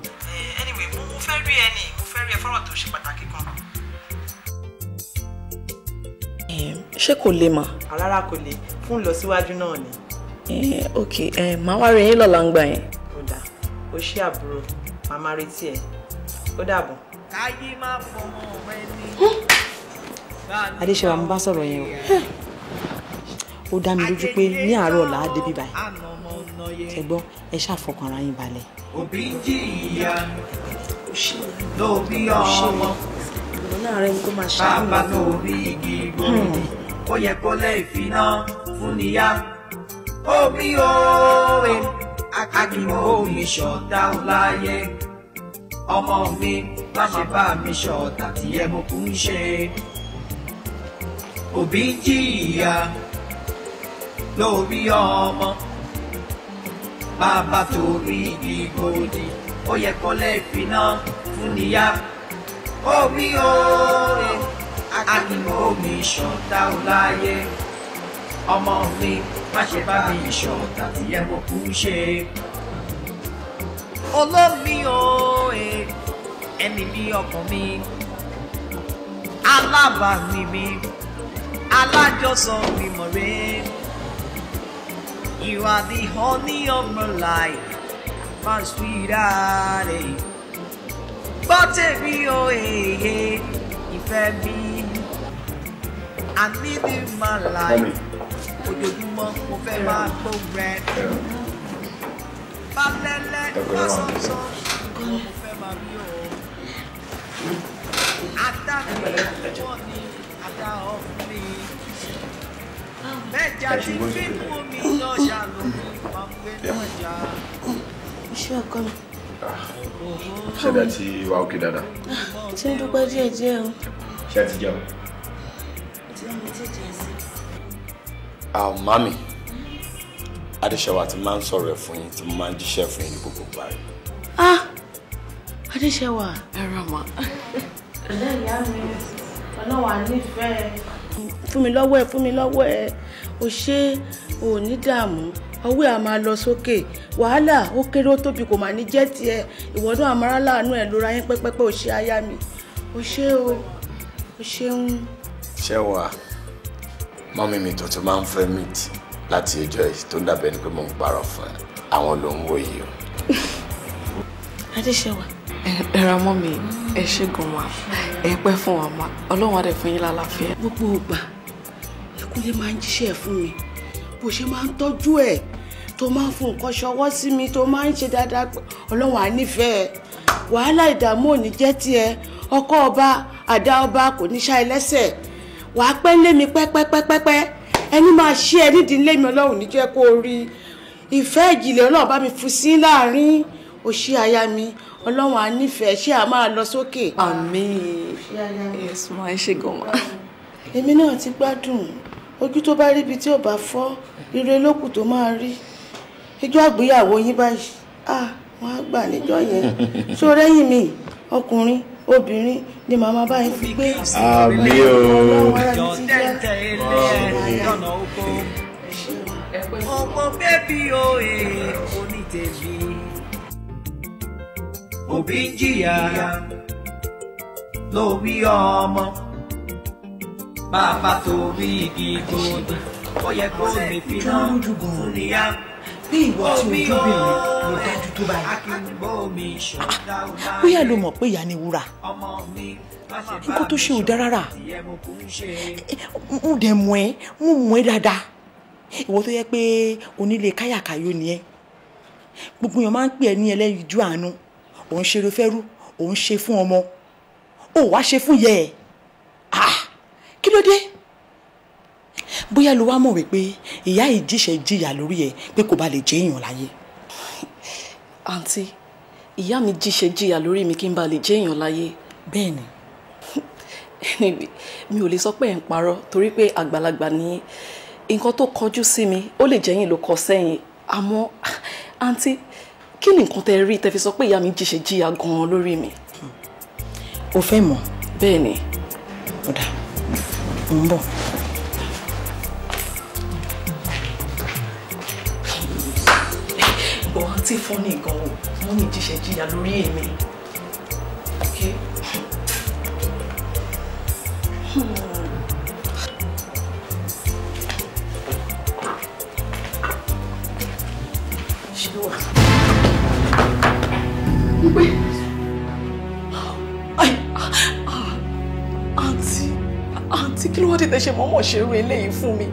[SPEAKER 4] ṣé kò lè mà.
[SPEAKER 2] rárá kò lè fún ìlọsíwájú náà ni.
[SPEAKER 4] Eh, ok eh, màá wá rí yín lọ́la ń gbà yẹn. ó dà ó ṣí àbúrò màmá retí ẹ ó dàbọ̀. káyé má fọmọ rẹ ní. adéṣèwà mo bá sọ̀rọ̀ yẹn o ó dá mi lójú pé ní àárọ̀ ọ̀la á débi
[SPEAKER 3] báyìí
[SPEAKER 4] ẹ ẹ ṣàfọkàn yín balẹ̀.
[SPEAKER 3] òbí jìyà lóbi ọmọ bàbá lórí igi hmm. gbòòdì ó yẹ kó lé ìfiná fún níyà omi òwe akíwọ̀ omi ṣọ̀tá ọláyé ọmọ mi má ṣe bá mi ṣọ̀tá tí ẹ mo kún ṣe òbí jìyà lórí ọmọ bàbá torí ìgbòdì ó yẹ kó lé ìfiná fún níyà omi òwe ánimo mi ṣọ̀tá ò láyé ọmọ mi má ṣe bá mi ṣọ̀tá tí ẹ mo kú ṣe. olómi òye ẹni mi ọkàn mi alábàámi mi alájọsọ mi mọ̀rẹ́. You are the honey of my life, my sweetheart. Bọ́tẹ̀ mi ò èyí e, e, ìfẹ́ mi. I'm living my life. Ojoojúmọ́ mo fẹ́ máa tó rẹ̀. Balẹ̀lẹ̀ lọ́sọ̀ọ̀sọ̀ ṣùgbọ́n mo fẹ́ máa rí ọ̀.
[SPEAKER 4] Adá mi ah. wọ́n ní adá ọ̀fun mi. Mẹ́jà ti fi mú mi lọ́jà
[SPEAKER 1] lómi, máa
[SPEAKER 4] ń gbé lọ́jà. Iṣẹ́ ọkọ mi ah. ṣẹ́dá
[SPEAKER 5] ti wà òkè dáadáa.
[SPEAKER 4] Ah, ti ń dúpẹ́ díẹ̀ díẹ̀ o.
[SPEAKER 5] ṣé ẹ ti jẹun àwọn ah, mommy. adéṣẹwà ti máa ń sọ̀rọ̀ ẹ̀ fún yín man mo máa ń jíṣẹ́ fún yín ní gbogbo
[SPEAKER 4] ah adéṣẹwà ẹ̀rọ mà. ọ̀dọ́ ìyá mi ọlọ́wà nífẹ̀ẹ́. fún mi lọ́wọ́ ẹ fún mi lọ́wọ́ ẹ o ṣe o ní dààmú ọwọ́ a máa lọ sókè wàhálà ó kéré ó tóbi kò máa ní jẹ́ tiẹ̀ ìwọ àmàrà láàánú ẹ̀ lóra yín pẹ́pẹ́pẹ́ o ṣe aya mi o ṣe o o ṣeun
[SPEAKER 5] ṣé wà mọ́mí mi tó tún máa ń fẹ́ meet láti ẹjọ́ yìí tó ń dàbẹ́ ni pé mò ń parọ́ fún ẹ àwọn ló ń wò yìí o.
[SPEAKER 4] adéṣẹ́wà. ẹ ra mọ́ mi ẹ ṣègùn wa ẹ pẹ́ fún wa ma ọlọ́run á dẹ̀ fún yín lálàáfíà. gbogbo ìgbà ìkúlé máa ń jíṣẹ́ fún mi bó ṣe máa ń tọ́jú ẹ̀ tó máa ń fún nǹkan ṣọwọ́ sí mi tó máa ń ṣe dáadáa ọlọ́run á nífẹ̀ẹ́ wàhálà ìdààmú ò ní jẹ́ tiẹ̀ ọkọ ọba àdá ọba kò ní ṣá ẹlẹ́sẹ̀ wàá pẹ́ lé mi pẹ́pẹ́pẹ́pẹ́ ẹni máa ṣe ẹ nídìí lé mi ọlọ́run níjẹ́ kó rí ìfẹ́ ìjìnlẹ̀ ọlọ́run bá mi fi sí láàrin òṣì aya mi ọlọ́run á nífẹ̀ẹ́ ṣé a máa lọ sókè. àmín ìsúnmọ́ ẹ ṣe gan-an. èmi náà ti
[SPEAKER 2] gbádùn ojú tó bá rí ibi tí ò bá fọ́ ire lókù tó máa rí ìjọ
[SPEAKER 4] àgbéyàwó yín báyìí ah wọn á gbà
[SPEAKER 2] níjọ yẹn
[SPEAKER 1] ṣó
[SPEAKER 4] rẹ́yìn mi ọkùnrin obìnrin ni màmá bá yín fi gbé àmì o ọmọ bébí òye
[SPEAKER 3] onítẹ̀bí òbí ń jìyà ló bí ọmọ bàbá tó bí igi gbòdì ó yẹ kó lè fi náà fún níyà bí ìwọ tí mo jóbìnrin mo dájú tó báyìí.
[SPEAKER 4] bóyá ló mọ̀ pé ìyá ni wúrà nǹkan tó ṣe ò dára rà mo dẹ̀ mọ̀ ẹ́ mo mọ̀ ẹ́ dáadáa ìwọ tó yẹ pé onílé káyàkáyò ni ẹ gbogbo èèyàn máa ń pè ẹ́ ní ẹlẹ́yinjú àánú òun ṣe rẹfẹ́rú òun ṣe fún ọmọ ò wá ṣe fún yẹ ẹ ah! kí ló dé bóyá ló wá mọ̀ wípé ìyá ìjíṣẹ́ jìyà lórí ẹ̀ pé kò bá lè jẹ́ èèyàn láyé. àǹtí ìyá mi jíṣẹ́ jìyà lórí mi kí n bá lè jẹ́ èèyàn láyé. bẹ́ẹ̀ni. mi ò lè sọ pé ẹ̀ ń parọ́ torí pé àgbàlagbà ni nǹkan tó kọjú sí mi ó lè jẹ́yìn ló kọ sẹ́yìn àmọ́ àǹtí kí ni nǹkan tẹ rí tẹ sọ pé ìyá mi jíṣẹ́ jìyà gan-an lórí mi. o fẹ́ mọ̀. bẹ́ẹ̀ni. ọ̀dà mo ń bọ̀. gbọ́ tí fọ́nì gan o wọ́n ní jíṣẹ́ jìyà lórí èmi. Hmm. Ah, ah, ṣe mọ́mọ́ ṣerú eléyìí fún mi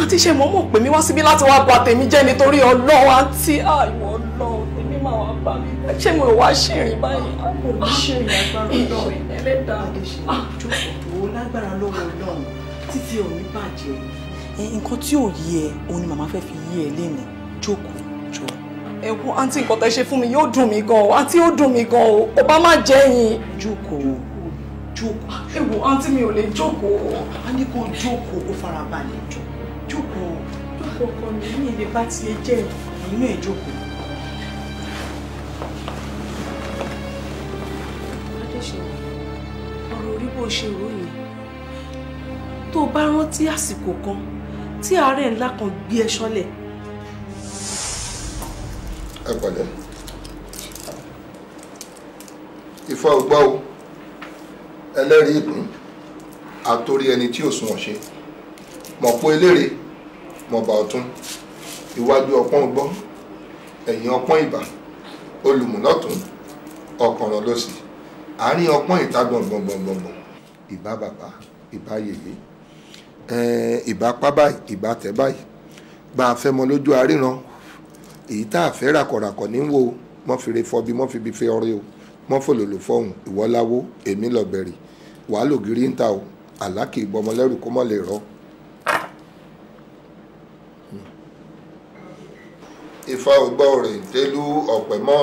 [SPEAKER 4] àǹtí ṣe mọ́ mọ̀ pé mi wá síbí láti wá ba tèmi jẹ́ nítorí ọlọ́run àǹtí àìwọ̀ ọlọ́run tèmi máa wá bá mi ṣé mo wá ṣèrìn báyìí. àpò ah, ah, mi ṣèrìn agbára ah, ọlọ́run ẹlẹ́dàá àdéṣe ìjókòó lágbára lọ́wọ́ ọlọ́run títí ò ní bàjẹ́. nǹkan tí ò yí ẹ òun ni màmá fẹ́ fi yí ẹ lẹ́nu jókòó jọ. ẹ wo àǹtí nǹkan tẹ ṣe fún mi yóò dùn mí gan o àǹtí yóò dùn mí gan o kò bá má jẹ́ yín. jókòó jókòó. ẹ wo àǹtí mi ò lè jókòó. a ní kó jókòó kó farabalẹ̀ kú ọkọ mi ní ilé bá tiẹ̀ jẹ́ inú ẹ̀ jókòó. adéṣèwọ ọ̀rọ̀ orí bó ṣe rò yẹn tó o bá rántí àsìkò kan tí àárẹ̀ ńlá kan gbé ẹ ṣọlẹ̀.
[SPEAKER 6] ẹ pẹ̀lẹ́ ìfọ ògbà o ẹlẹ́rìí ìpín àtòrí ẹni tí ò sunwọ̀n ṣe mọ̀ pé eléré mọba ọ̀tún iwájú ọpọ́n ọgbọ́ ẹ̀yìn ọpọ́n ìbà olùmúlọ́tún ọkànràn lọ́sì àárín ọpọ́n ìta gbọ̀ngbọ̀ngbọ̀ngbọ̀n ìbá bàbá ìbá yèyé ìbá pa báyìí ìbá tẹ báyìí bá a fẹ́ mọ lójú aríran èyí tá a fẹ́ ràkọ̀ràkọ̀ ní wo mọ́ fèrè fọ́ bí mọ́ fi bí fẹ́ ọrẹ́ o mọ́ fòlòlò fọ́hùn ìwọ́láwó èmi lọ́bẹ̀rẹ̀ wàá lògiri ń ta o àlákì ìbọmọlẹ́rù kó mọ́ lè rọ́ ifá ọgbọ́ rẹ̀ délú ọ̀pẹ̀ mọ́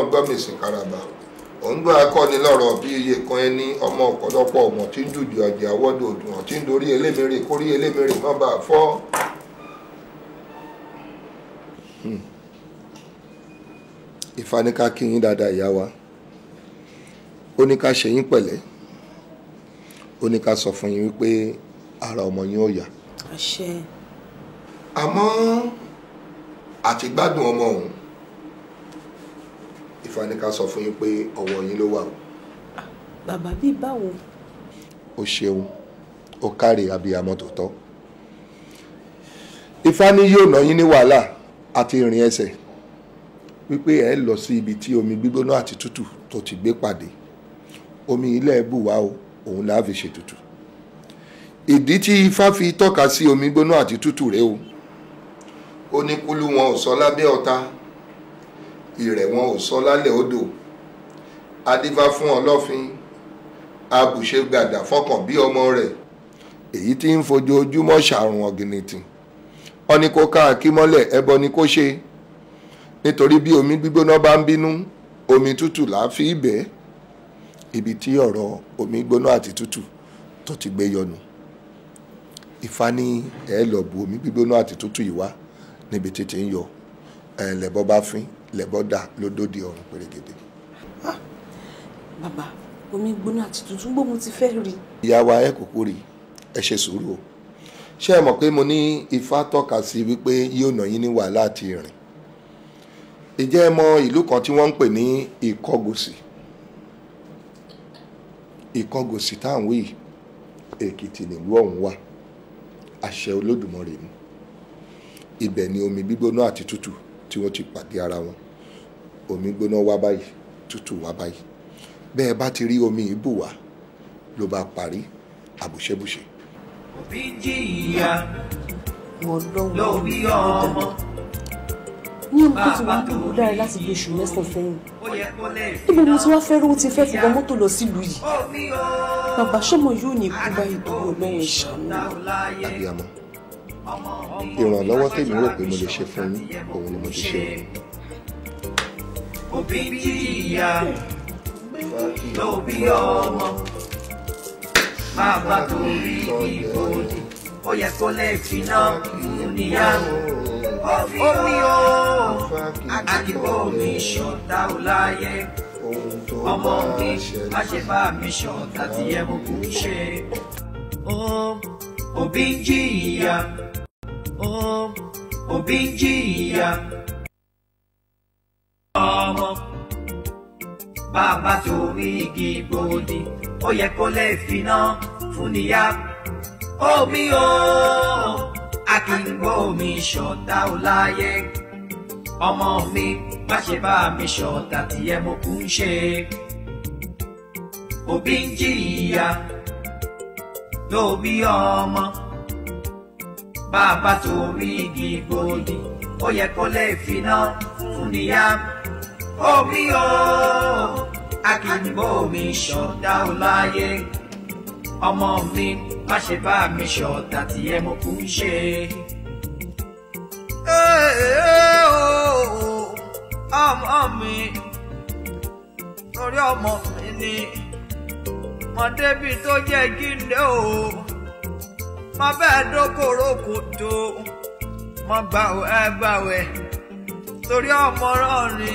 [SPEAKER 6] karaba òǹgbà akọni lọ́rọ̀ bí iye kan ẹni ọmọ ọ̀pọ̀lọpọ̀ ọmọ tí ń ọjà àwọ́dọ̀ òdùn ọ̀tí ń dorí elémèrè kórí elémèrè má bàa fọ́. Hmm. ifá ní ká kí yín dáadáa ìyá wa ó ní ká ṣe yín pẹ̀lẹ́ ó ní ká sọ fún yín ara ọmọ yín ó àti gbádùn ọmọ òun Ifá ní ká sọ fún yín pé ọwọ́ yín ló wà o.
[SPEAKER 4] bàbá bíi báwo.
[SPEAKER 6] o ṣeun o káre abiyamọ tòótọ́ Ifá yóò ná yín ní wàhálà àti ìrìn ẹsẹ̀ wípé ẹ lọ sí ibi tí omi gbígbóná àti tútù tó ti gbé pàdé omi ilẹ̀ bùwá o òun là á fi ṣètùtù ìdí tí Ifá fi tọ́ka sí omi gbóná àti tútù rèé o ó ní kúlú wọn ò sọ lábẹ́ ọ̀tá ìrẹ̀ wọn ò sọ lálẹ́ odò adífá fún ọlọ́fin abùṣe gbàdà fọkàn bí ọmọ rẹ̀ èyí tí ń fojoojúmọ́ ṣàrùn ọ̀gìnìtì wọn ni kó ká akí mọ́lẹ̀ ẹbọ ni kó ṣe nítorí bí omi gbígbóná bá ń bínú omi tútù là á fi ibẹ̀ ibi tí ọ̀rọ̀ omi gbóná àti tútù tó ti gbé yọnu Ifá ẹ lọ bu omi gbígbóná àti tútù yìí wá níbi títí ń yọ lẹ́bọ́ bá fín lẹ́bọ́ dà lódòdì ọ̀run pèrègèdè.
[SPEAKER 4] Ah, bàbá omi gbóná àti tuntun gbóhun ti fẹ́ rí.
[SPEAKER 6] ìyá wa ẹ kúkú rí ẹ ṣe sùúrù o ṣé ẹ mọ̀ pé mo ní ifá tọ́ka sí wípé yóò nà yín ní wàhálà àti ìrìn ìjẹ́ ẹ mọ ìlú kan tí wọ́n ń pè ní ìkọgòsì ìkọgòsì táwọn yìí èkìtì nílùú ọ̀hún wà àṣẹ olódùmarè ni ibẹ̀ ni omi gbígbóná àti tútù tí wọ́n ti pàdé ara wọn omi gbóná wá báyìí tútù wá báyìí bẹ́ẹ̀ bá ti rí omi ìbò wá ló bá parí àbùṣẹ́bùṣẹ́.
[SPEAKER 3] òbí jìyà
[SPEAKER 4] ló bí ọmọ ní nǹkan tí wọ́n dúró dára láti bí oṣù mẹ́sàn-án sẹ́yìn níbo ni tí wọ́n fẹ́ rówó ti fẹ́ fi wọ mọ́tò lọ sílùú yìí bàbá sọ́mọ yóò ní ikú báyìí dúró lọ́wọ́ ìṣàánú.
[SPEAKER 6] abiyamọ ìrànlọ́wọ́ tèmi rò pé mo lè ṣe fún yín òun ni mo ti ṣe.
[SPEAKER 3] òbí tí ìyá ló ọmọ bàbá tó rí ìbò ni ó yẹ kó lè náà ìlú níyà omi o àdìbò mi ṣọ̀tá ò ọmọ mi má ṣe bá mi ṣọ̀tá tí ẹ mú kú ṣe. òbí jìyà o òbí jìyà ọmọ bàbá torí igi gbòdì ó yẹ kó lè finá fún níyà omi o akíngbó mi shota ulaye omo mi má ṣe bá mi shota tí ẹ mo kú ń ṣe òbí ń jìyà bá a bá torí igi gbòdì ó yẹ kó lè finá fún níyà omi o akínbó mi ṣọ̀dá o láyé ọmọ mi má ṣe bá mi ṣọ̀dá tí ẹ mọ̀ kú ṣe. ọmọ mi torí ọmọ mi ni mọ̀débí tó jẹ́ gíndé o mo bẹ́ẹ̀ dókòrò kòtò mo gbàwé ẹ gbàwé torí ọmọ náà ni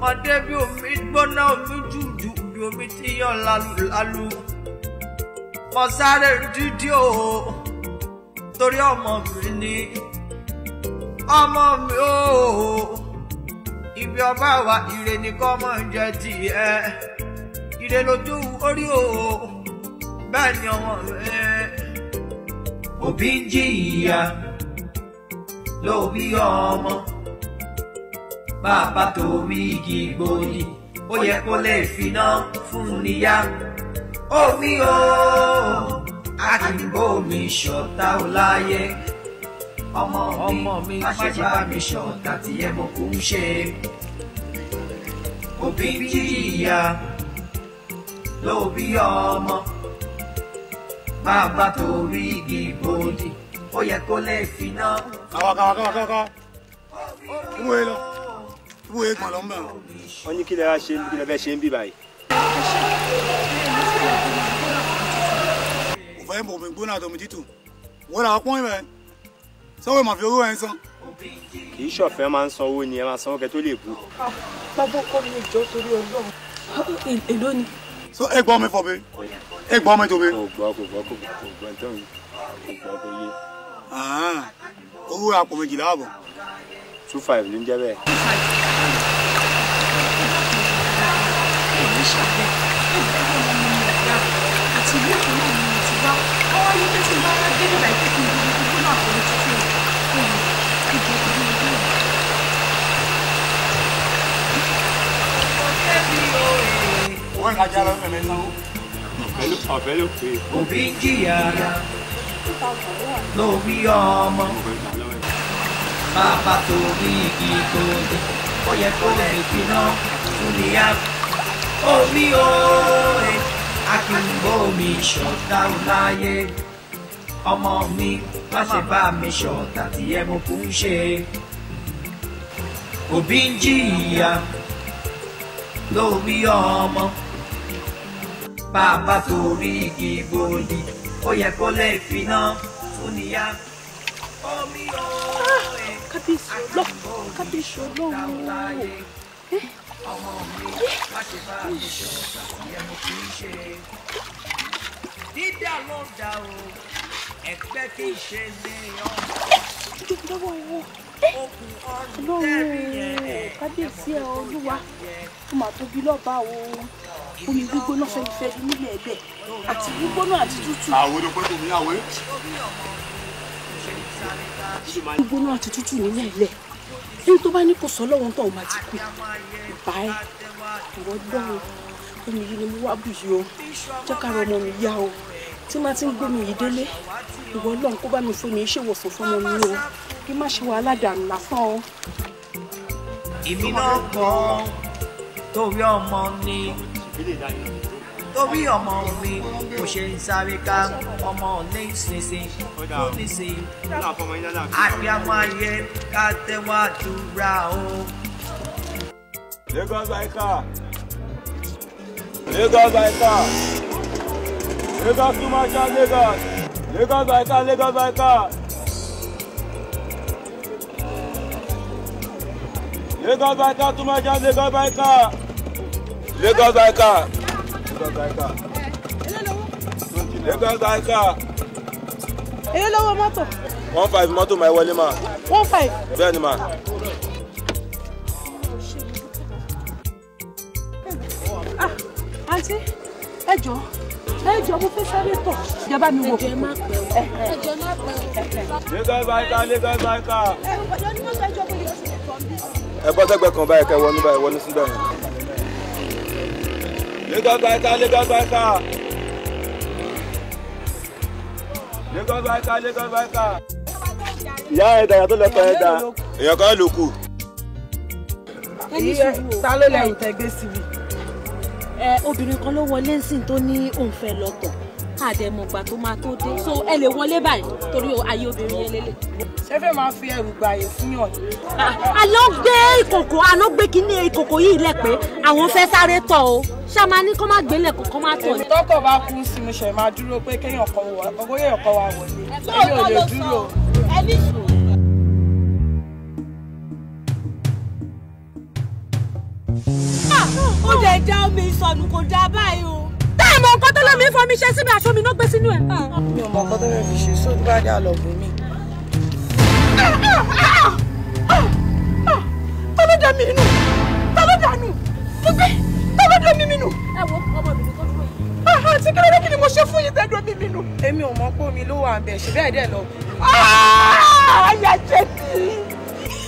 [SPEAKER 3] mo débi omi gbóná omi jùjù bí omi ti yọ lálùlálù mo sáré dídí o torí ọmọ mi ni ọmọ mi o ibi ọba wa ire ni kọ́ mọ̀ ń jẹ ire lójú orí o bẹ́ẹ̀ ni ọmọ mi òbí lo jìyà ló bí ọmọ bàbá tòmí igi gbòdì ó yẹ kó lè finá fún níyà ó wí o a kì í bómi ṣọ̀tá mi má mi ṣọ̀tá tìyẹ́ mo kú ń ṣe òbí ń jìyà ló bí bàbá torí igi bòdì ó yẹ kó lè fi náà. kàwá kàwá kàwá kàwá kàwá wúwo yẹn lọ
[SPEAKER 5] wúwo yẹn kàn lọ ń bẹ̀ wọ́n. wọ́n ní kí lè ṣe kí lè fẹ́ ṣe ń bì báyìí. òfẹ́ mọ̀mí gbóná àtọ̀mí títù wọ́n
[SPEAKER 4] là á pọ́n ìmẹ̀ sọ́wọ́ ìmọ̀ fi owó ẹ̀ ń san.
[SPEAKER 5] kì í ṣọ̀fẹ́ máa ń sanwó ni ẹ máa sanwó kẹ́ tó lè bú.
[SPEAKER 4] bàbá ọkọ mi ìjọ torí Ọlọ́run. èló ni
[SPEAKER 5] so ẹ gbọ́ mi fọ bi ẹ gbọ́ mi tó bi. kò gbọ́ kò gbọ́ kò gbọ́ ah, owó àpò méjìlá àbọ̀. two five ló ń jẹ́ bẹ́ẹ̀.
[SPEAKER 1] àti ilé ìpínlẹ̀ mi ti wá wọ́n wá ní pé tí n bá wá
[SPEAKER 2] owó ìrajà lọ fẹ̀mẹ̀ sanwó.
[SPEAKER 3] ọ̀fẹ́ ló pe. òbí jìyà ló bí ọmọ bàbá tó rí igi gbòdì ó yẹ kó lè gbiná fúnìyà omi òòrè akíngbómi ṣọ̀tá ọláyé ọmọ mi má ṣe bá mi ṣọ̀tá tí ẹ mo kú ń ṣe òbí ń jìyà lórí ọmọ bàbá torí igi bolè ó yẹ kó lè finá fún
[SPEAKER 2] níyà
[SPEAKER 4] omi òòrè ah, kábíyèsí lọ kábíyèsí ọlọ́run
[SPEAKER 1] eh, ọmọ mi
[SPEAKER 4] eh, má ṣe bá mi ṣe ìyẹn mo kì í ṣe dídá ló dá o ẹgbẹ́ kì í ṣe lé ọmọ ọlọ́run kábíyèsí ẹ olúwa ó máa tóbi lọ́ba o omi gbígbóná fẹ́ẹ́fẹ́ di nílẹ̀ ẹ̀bẹ̀ àti gbígbóná àti tútù. àwọn ọdún pẹ́ẹ́tù ní àwẹ́. gbígbóná àti tútù nílẹ̀ ẹ̀lẹ̀ èyí tó bá ní kò sọ lọ́wọ́ tó máa ti kú ìbá ẹ ìwọ omi yìí ni mo wá bù yìí o jẹ́ ká rọ ọmọ mi yá o tí máa ti ń gbé mi yìí délé ìwọ Ọlọ́run kó bá mi fún mi ṣèwòsàn fún ọmọ mi o kí má ṣe wàhálà dànù lásán o.
[SPEAKER 3] èmi náà kọ́ torí ọmọ ni torí ọmọ mi kò ṣe ń sáré ká ọmọ ní ìsinsin tó nísìn àbíamọ ayé ká tẹ́wọ́ o.
[SPEAKER 6] Lagos by Lagos by car Lagos to Marshal Lagos. Lagos by car, Lagos by car. Lagos by car, too much jam, Lagos by car. Lagos by car. Lagos by car. Lagos by car.
[SPEAKER 4] Èló lówó mọ́tò.
[SPEAKER 6] One five mọ́tò máa wọlé ma.
[SPEAKER 4] One five. Bẹ́ẹ̀ ni Ah, àǹtí, ẹ jọ̀ọ́ ẹ jọ mo fẹ́ sáré tọ̀ ìjọba mi wò. ẹjọ má pẹ́ o ẹjọ má pẹ́
[SPEAKER 6] o. lagos baika lagos baika.
[SPEAKER 4] ẹ ọ̀dọ́ ni mo sọ ẹjọ́ bóyá oṣù tó ń bí.
[SPEAKER 6] ẹ bọ́ sẹ́gbẹ́ kan báyìí kẹ́ wọnú báyìí wọnú síbẹ̀. lagos baika lagos baika. lagos baika lagos
[SPEAKER 4] baika.
[SPEAKER 5] ìyá ẹ̀ dàgbà tó lọ tọ́ ẹ̀ dà èèyàn
[SPEAKER 6] kan ló kù.
[SPEAKER 4] ta ló lẹ́yìn tẹ́gbẹ́ síbi obìnrin kan ló wọlé nsìn tó ní òun fẹ́ lọ́tọ̀ àdẹ̀mọ̀gbà tó máa tó dé so ẹ lè wọlé báyìí torí ayé obìnrin yẹn lélẹ̀. ṣẹ́fẹ̀ máa fi ẹrù gbààyè fún yàn. àlọ́ gbé ìkòkò àlọ́ gbé kínní ìkòkò yìí lẹ̀ àwọn fẹ́ sáré tọ̀ o ṣáma ní kó má gbélé kọ̀ọ̀kan má tọ̀ tọkọ bá kú sí mo ṣẹ̀ máa dúró pé kéèyàn kan wà wọlé èyí ò lè dúró. ẹni sùn ó lè dá omi ìsọnù kò dá báyìí o. tá a mọ nǹkan tó lómi fọmi ṣe síbi aṣọ mi ló gbé sínú ẹ. mi ò mọ nǹkan tó lómi ṣe sóòtú bá dá lọ bù mí. ta ló dá mi nù ta ló dá nù gbogbo ta ló dá mi mi nù. ẹ wo ọmọ mi tó dúró yìí. àti kí ló dé kí ni mo ṣe fún yín tẹ́ dọ́ mi mi nù. èmi ò mọ pé omi ló wà ń bẹ̀ ṣe bẹ́ẹ̀ dẹ̀ lọ. àyà ah, jẹ́ kí.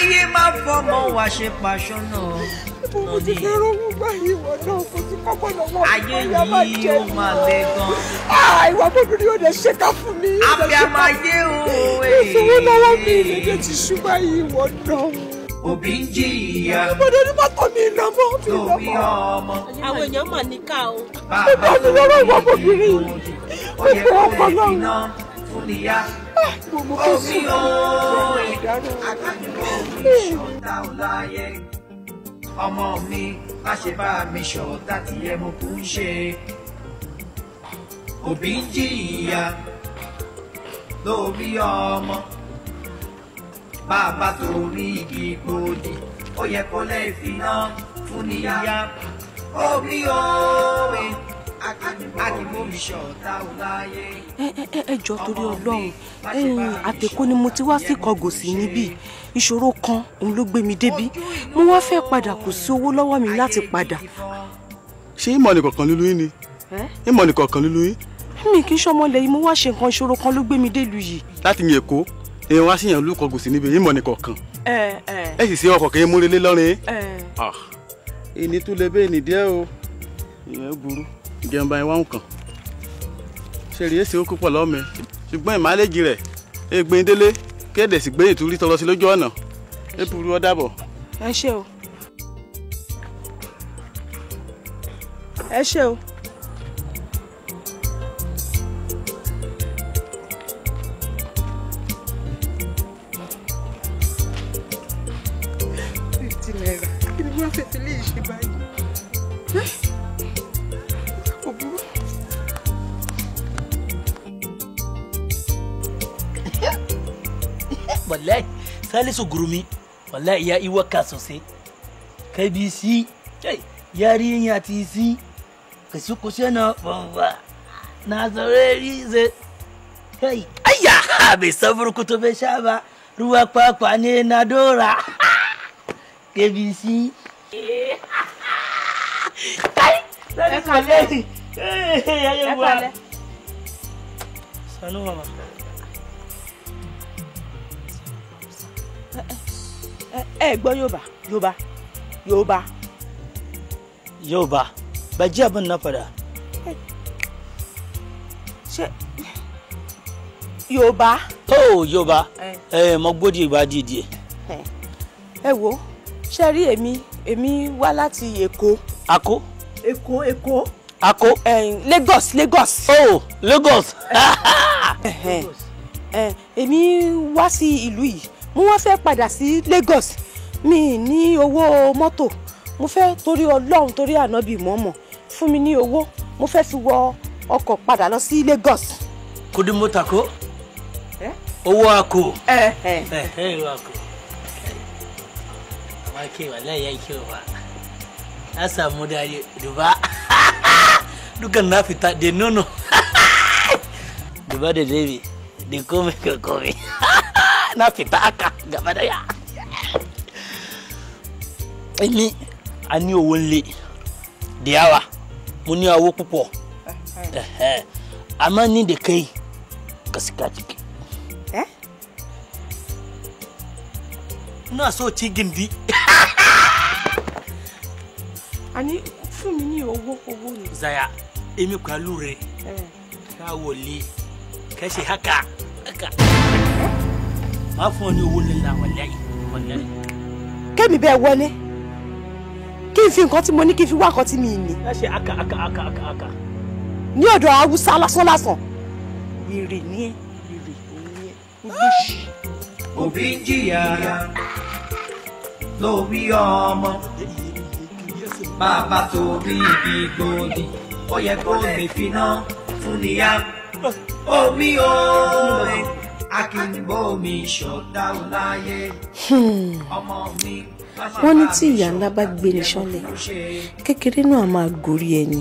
[SPEAKER 3] káyé má fọmọ wa ṣe pàṣọ́nà mo ti fẹ́ rówó báyìí ìwọ náà kò sí kọ́kọ́ lọ́wọ́ ayé yìí ó máa lẹ gan. ìwà bóbiri ò lè ṣe ká fún mi. abiyamọ ayé o ee. ìṣòro lọ́wọ́ mi eh. ìrèdè ti ṣú báyìí ìwọ náà. òbí ń jìyà. ìbọdẹ ní mọ́tò mi ìlọ mọ́ mi ìlọ mọ́.
[SPEAKER 4] àwọn èèyàn mà ní ká o.
[SPEAKER 3] bàbá mi lọ́wọ́ ìwà bóbiri. ó fi ọkọ náà. fún
[SPEAKER 1] mo kò sí ọ̀rọ̀
[SPEAKER 3] ìdáná. ọmọ mi má ṣe bá mi ṣọ̀tá tí ẹ mo kù ń ṣe òbí ń jìyà lórí ọmọ bàbá torí igi gbòdì ó yẹ kó lè fún níyà òbí òwe
[SPEAKER 4] ẹ jọ torí Ọlọ́run àtẹ̀kọ́ ni mo ti wá sí kọgòsì níbí ìṣòro kan òun ló gbé mi débí mo wá fẹ́ padà kò sí owó lọ́wọ́ mi láti padà.
[SPEAKER 5] ṣé ìmọ̀ nìkan kan lílu yín ni ìmọ̀ nìkan kan lílu yín.
[SPEAKER 4] mi kì í ṣọmọ ilẹ̀ yìí mo wá ṣe nǹkan ìṣòro kan ló gbé mi délùú yìí.
[SPEAKER 5] láti yìn èkó èèyàn wá sí yàn lù kọgòsì níbi ìmọ̀ nìkan kan ẹ sì ṣe ọkọ̀ kẹ́ múrelé lọ́rin ẹni tó lè bẹ́ẹ̀ nìdí o ìjẹunba ẹ wá ń kàn ṣèrè èsì ó kó pọ̀ lọ́mọ ṣùgbọ́n ìmáléjì rẹ̀ egbin délé kéde sì gbé ìtúrí tọrọ sí lójú ọ̀nà epuru ọ̀dàbọ̀.
[SPEAKER 4] ẹ ṣé o ẹ ṣé o.
[SPEAKER 2] wallahi salisu gurumi wallahi ya yi waka sosai kai bi si yarin ya ti si ka si kushe na bamba na zarari zai kai ayya bai san burkutu bai sha ba ruwa kwakwa ne na dora
[SPEAKER 4] kbc kai salisu gurumi yayin wa sanu mama ẹ gbọ́ yorùbá yorùbá yorùbá. yorùbá ba ji abin na fada. yorùbá.
[SPEAKER 2] oh yorùbá ẹ mo gbódì ìgbà dídì.
[SPEAKER 4] ẹ wo ṣe rí èmi èmi wá láti èkó. àkó. èkó èkó. àkó. lagos lagos. oh lagos. èmi wá sí ìlú yìí mo wá fẹ́ padà sí Lagos mi ní owó mọ́tò mo fẹ́ torí ọlọ́run torí ànábì mọ́mọ́ fún mi ní owó mo fẹ́ fi wọ ọkọ̀ padà lọ sí Lagos. kudi mota ko owó àkó.
[SPEAKER 2] ẹ ẹ ẹ owó àkó. wa ke wallahi ya ke ba na samu dare duba dukan na fita de nono duba da de baby de komai ka komai na fita haka gaba daya ni a ní owó ńlẹ̀ da yawa mo ní owó púpọ̀
[SPEAKER 5] amma ni da kai ka sika ciki
[SPEAKER 2] ina so ci gindi
[SPEAKER 4] ani fún mi ní owó owó ni.
[SPEAKER 2] zaya èmi pẹ̀lú rẹ̀ ká wọlé kẹ́ ṣe haka haka. Eh? má fún ọ ní owó ńlá wàlẹ́ yìí.
[SPEAKER 4] kẹ́mi bẹ́ẹ̀ wọlé kí n fi nǹkan tí mo ní kí n fi wá nǹkan tí mi ní.
[SPEAKER 2] ẹ ṣe aka aka aka aka aka.
[SPEAKER 4] ní ọ̀dọ̀ haúsá lásán lásán ìrì ní ẹ ìrì
[SPEAKER 1] ní ẹ olóṣì.
[SPEAKER 3] òbí jìyà ló bí ọmọ bàbá tó bí ibi gbòdì ó yẹ kó lè fi ná fún níyà omi ooo akínbómi ṣọ̀dá ọláyé hmm. ọmọ mi.
[SPEAKER 1] wọ́n
[SPEAKER 4] ní tí ìyá ńlá bá gbé ní ṣánlẹ̀ kékeré náà máa gorí ẹni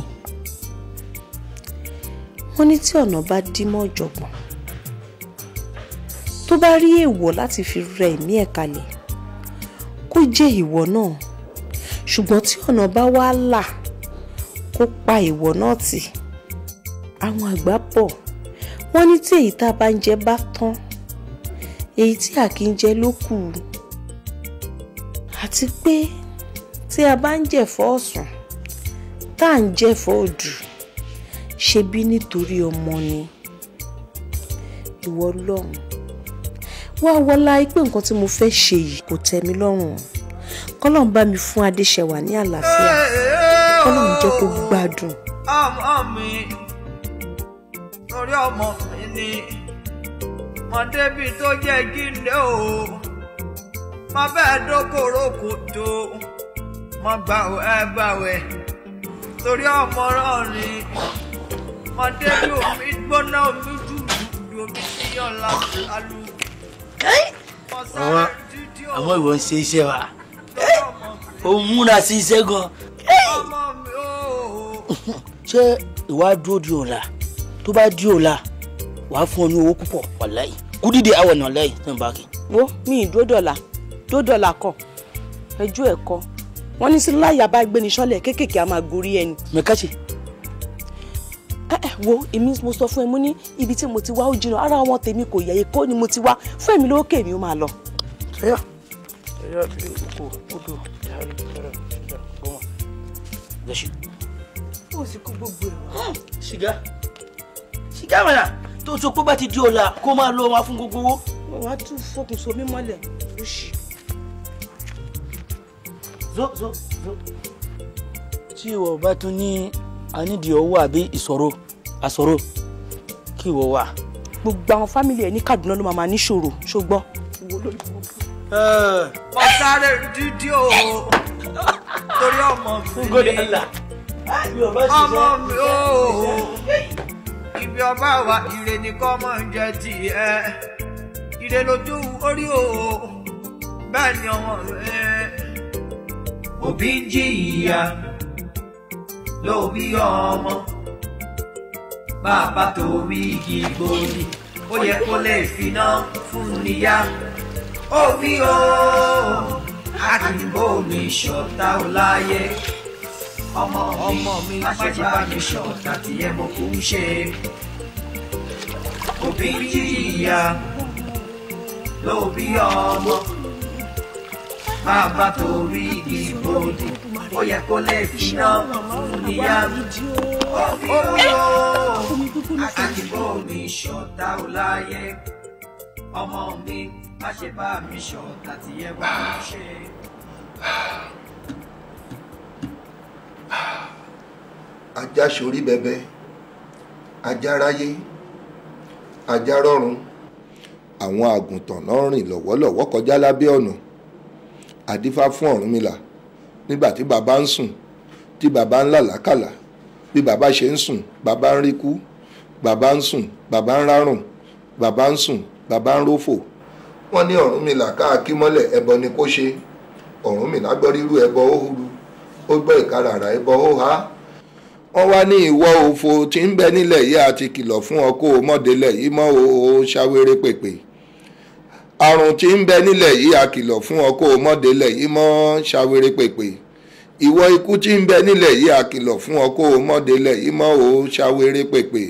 [SPEAKER 4] wọ́n ní tí ọ̀nà bá dí mọ́ ọ̀jọ̀gbọ́n tó bá rí èèwọ̀ láti fi rẹ ẹ̀mí ẹ̀ kalẹ̀ kó jẹ́ ìwọ náà ṣùgbọ́n tí ọ̀nà bá wá là kó pa ìwọ náà tì àwọn àgbà pọ̀ wọ́n ní tí èyí tá a bá ń jẹ bá tán èyí tí a kì í jẹ ló kù àti pé tí a bá ń jẹ̀fọ́ ọ̀sán tá à ń jẹ̀fọ́ òdù ṣebí nítorí ọmọ ni ìwọ lọ́run wá wọlá pé nǹkan tí mo fẹ́ ṣe yìí kò tẹ́ mi lọ́rùn kọ́lọ́n bá mi fún adéṣẹ̀wà ní àlàáfíà kọ́lọ́n jẹ́ kó gbádùn
[SPEAKER 3] ọmọ mi ni mo débi tó jẹ́ gíndé o mo bẹ́ẹ̀ dókòrò kòtò mo gbàwẹ̀ ẹ gbàwẹ̀ torí ọmọ náà ni débi omi gbóná omi dúdú omi síyàn lálù. àwọn
[SPEAKER 5] àwọn ìwọ ń ṣe iṣẹ́ wa
[SPEAKER 2] ó múra sí iṣẹ́ gan ṣé
[SPEAKER 4] ìwádìí òdi ọ̀la tó bá di ọ̀la wàá fún ọ ní owó púpọ̀ wàláì kú dídé àwọn ọ̀nà lẹ́yìn tó ń bá kí. wo mi ìdúró dọ̀là dúró dọ̀là kọ ẹjọ́ ẹ̀ kọ wọ́n ní sí láyà bá gbé ní sọ́lẹ̀ kéékèèké a máa gorí ẹni. mẹ́kàṣì. ẹ ẹ wo èmi mo sọ fún ẹ mo ní ibi tí mo ti wá ó jìnnà ara wọn tèmi kò yẹ èkó ni mo ti wá fún èmi lówó kèmí ó máa lọ. ẹyà
[SPEAKER 1] ẹyà bí oko odò
[SPEAKER 4] ìyàrá ìfẹ́rẹ́ ìjà gbọ́n. o sì kó gbogbo ẹ̀
[SPEAKER 2] wá. sìgá ṣìkàmàlà tó sọ pé bá ti di ọ̀la kó máa lọ wá fún gbogbo owó. wàá tún fọkùn so mí mọ́lẹ̀
[SPEAKER 4] ó ṣì. zo zo zo. tí ìwọ bá tún ní anídìí owó àbí ìṣòro àṣòro kí ìwọ wà. gbogbo àwọn fámìlì ẹ ní Kaduna ló máa máa níṣòro ṣùgbọ́n.
[SPEAKER 3] ọ̀sáré dídí o torí ọmọ mi ọmọ mi ooo ibi ọba wa ire ni kọ́ mọ̀ ń jẹ tiẹ̀ ire lójú orí o bẹ́ẹ̀ ni ọmọ rẹ̀. òbí ń jìyà lóbi ọmọ bàbá torí igi gbòòrì ó yẹ kó lè finá fún níyà òbí o a kì í bómi ṣọ̀tá ọláyé ọmọ mi láṣẹ bá mi sọ láti ẹ mọ kó ń ṣe òbí jìyà lóbi ọmọ bàbá torí ìbòdì ó yẹ kó lè fi náà fún níyà òbí ọmọ àtìbò mi ṣọ̀tá ò láyé ọmọ mi má ṣe bá mi ṣọ̀tá tí ẹ wọ́n ṣe
[SPEAKER 6] ajá sorí bẹbẹ ajá ráyé ajá rọrùn. àwọn àgùntàn náà rìn lọ́wọ́lọ́wọ́ kọjá lábẹ́ ọ̀nà àdífá fún Ọ̀rúnmìlà nígbà tí bàbá ń sùn tí bàbá ń làlákàlà bí bàbá ṣe ń sùn bàbá ń rí kú bàbá ń sùn bàbá ń rárùn bàbá ń sùn bàbá ń rófò. wọ́n ní Ọ̀rúnmìlà káàkiri mọ́lẹ̀ ẹbọ ni kó ṣe Ọ̀rúnmìlà gbọ́ rírú ẹbọ ó huru ó gbọ́ ìkarahara ẹbọ ó há wọ́n wá ní ìwọ òfò tí ń bẹ nílẹ̀ yìí àti kìlọ̀ fún ọ kó o mọ̀délẹ̀ yìí mọ́ o ṣàwérè pèpè àrùn tí ń bẹ nílẹ̀ yìí a kìlọ̀ fún ọ kó o mọ̀délẹ̀ yìí mọ́ ṣàwérè pèpè ìwọ ikú tí ń bẹ nílẹ̀ yìí a kìlọ̀ fún ọ kó o mọ̀délẹ̀ yìí mọ́ o ṣàwérè pèpè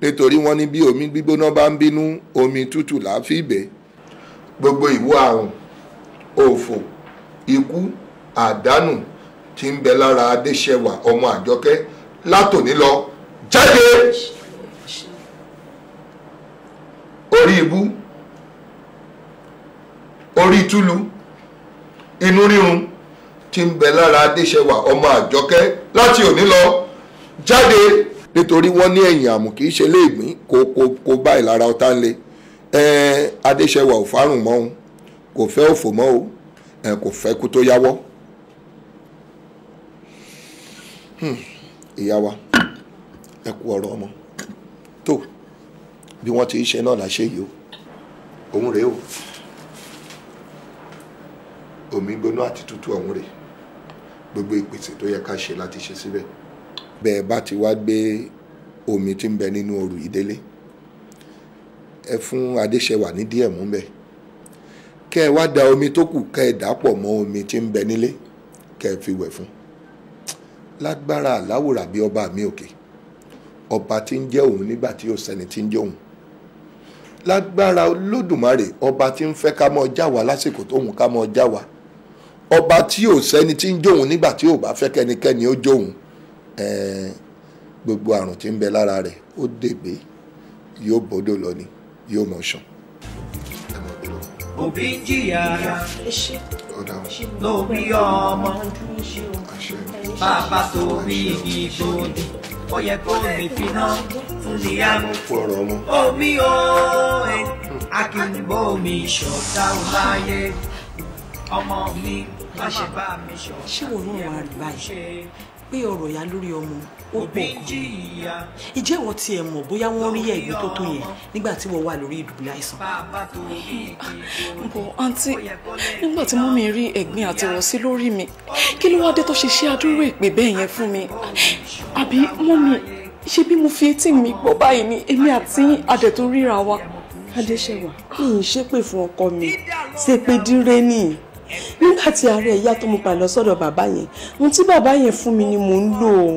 [SPEAKER 6] nítorí wọ́n ní bí omi gbígbóná bá ń bínú omi tútù là á gbogbo ìwọ àrùn òfò ikú àdánù tí ń bẹ lára adéṣẹwà ọmọ àjọkẹ́ látòní lọ jáde orí ibú orí túlù inú rírun tí ń bẹ lára adéṣẹwà ọmọ àjọkẹ́ láti òní lọ jáde nítorí wọ́n ní ẹ̀yìn àmù kì í ṣe léègbín kó kó kó báyìí lára ọ̀tá ń le adéṣẹwà ò fárùn mọ́ òun kò fẹ́ òfò mọ́ o kò fẹ́ kú tó yáwọ́. Hmm, ìyá wa ẹ kú ọ̀rọ̀ ọmọ tó bí wọ́n ti ṣe náà láṣẹ yìí o òun rèé o omi gbóná àti tútù ọ̀hún rèé gbogbo ìpèsè tó yẹ ká ṣe láti ṣe síbẹ̀ bẹ́ẹ̀ bá ti wá gbé omi tí ń bẹ nínú òrù ìdélé ẹ fún adéṣẹwà ní díẹ̀ mú bẹ́ẹ̀ kẹ́ ẹ wá da omi tó kù kẹ́ ẹ dà pọ̀ mọ́ omi tí ń bẹ nílé kẹ́ ẹ fi wẹ̀ fún un lágbára aláwòrán bí ọba mi òkè ọba tí ń jẹ́ òun nígbà tí ó sẹ́ni tí ń jẹ́ òun lágbára olódùmarè ọba tí ń fẹ́ ká mọ́ já wa lásìkò tóun ká mọ́ já wa ọba tí ò sẹ́ni tí ń jóun nígbà tí ò bá fẹ́ kẹ́nikẹ́ni ó jóun ẹ̀ẹ́n gbogbo àrùn tí ń bẹ lára rẹ̀ ó dègbé yóò bòdò lọ ni yóò mọ̀ ṣàn.
[SPEAKER 3] òbí jìyà lórí ọmọ bàbá torí ìbò ni ó yẹ kó mi finá fún níyàmú omi o ẹ akínbó mi ṣọ̀tá ò láyé ọmọ mi má
[SPEAKER 4] bá mi ṣọ̀tá ṣé wo ló wà báyìí pé ọ̀rọ̀ yá lórí ọmọ ó pọ̀ gan ìjẹ́ ìwọ tiẹ̀ mọ̀ bóyá wọ́n rí ẹ̀gbẹ́ tó tó yẹn nígbà tí wọ́n wà lórí ìdùbúlẹ̀ àìsàn. bọ àǹtí ah, nígbà tí mú mi rí ẹ̀gbin àti ìrọsí lórí mi kí ló wá dé tó ṣe ṣe àdúró ìpè bẹ́ẹ̀ yẹn fún mi àbí mú mi ṣe bí mo fi etí mi gbọ́ báyìí ni èmi àti adẹ̀tún ríra wa. adéṣẹ́wà mi ì ṣépè fún ọkọ mi ṣépè dírẹ́nì nígbà tí ààrẹ ìyá tó mú pa lọ sọ́dọ̀ bàbá yẹn ohun tí bàbá yẹn fún mi ni mò ń lò ó.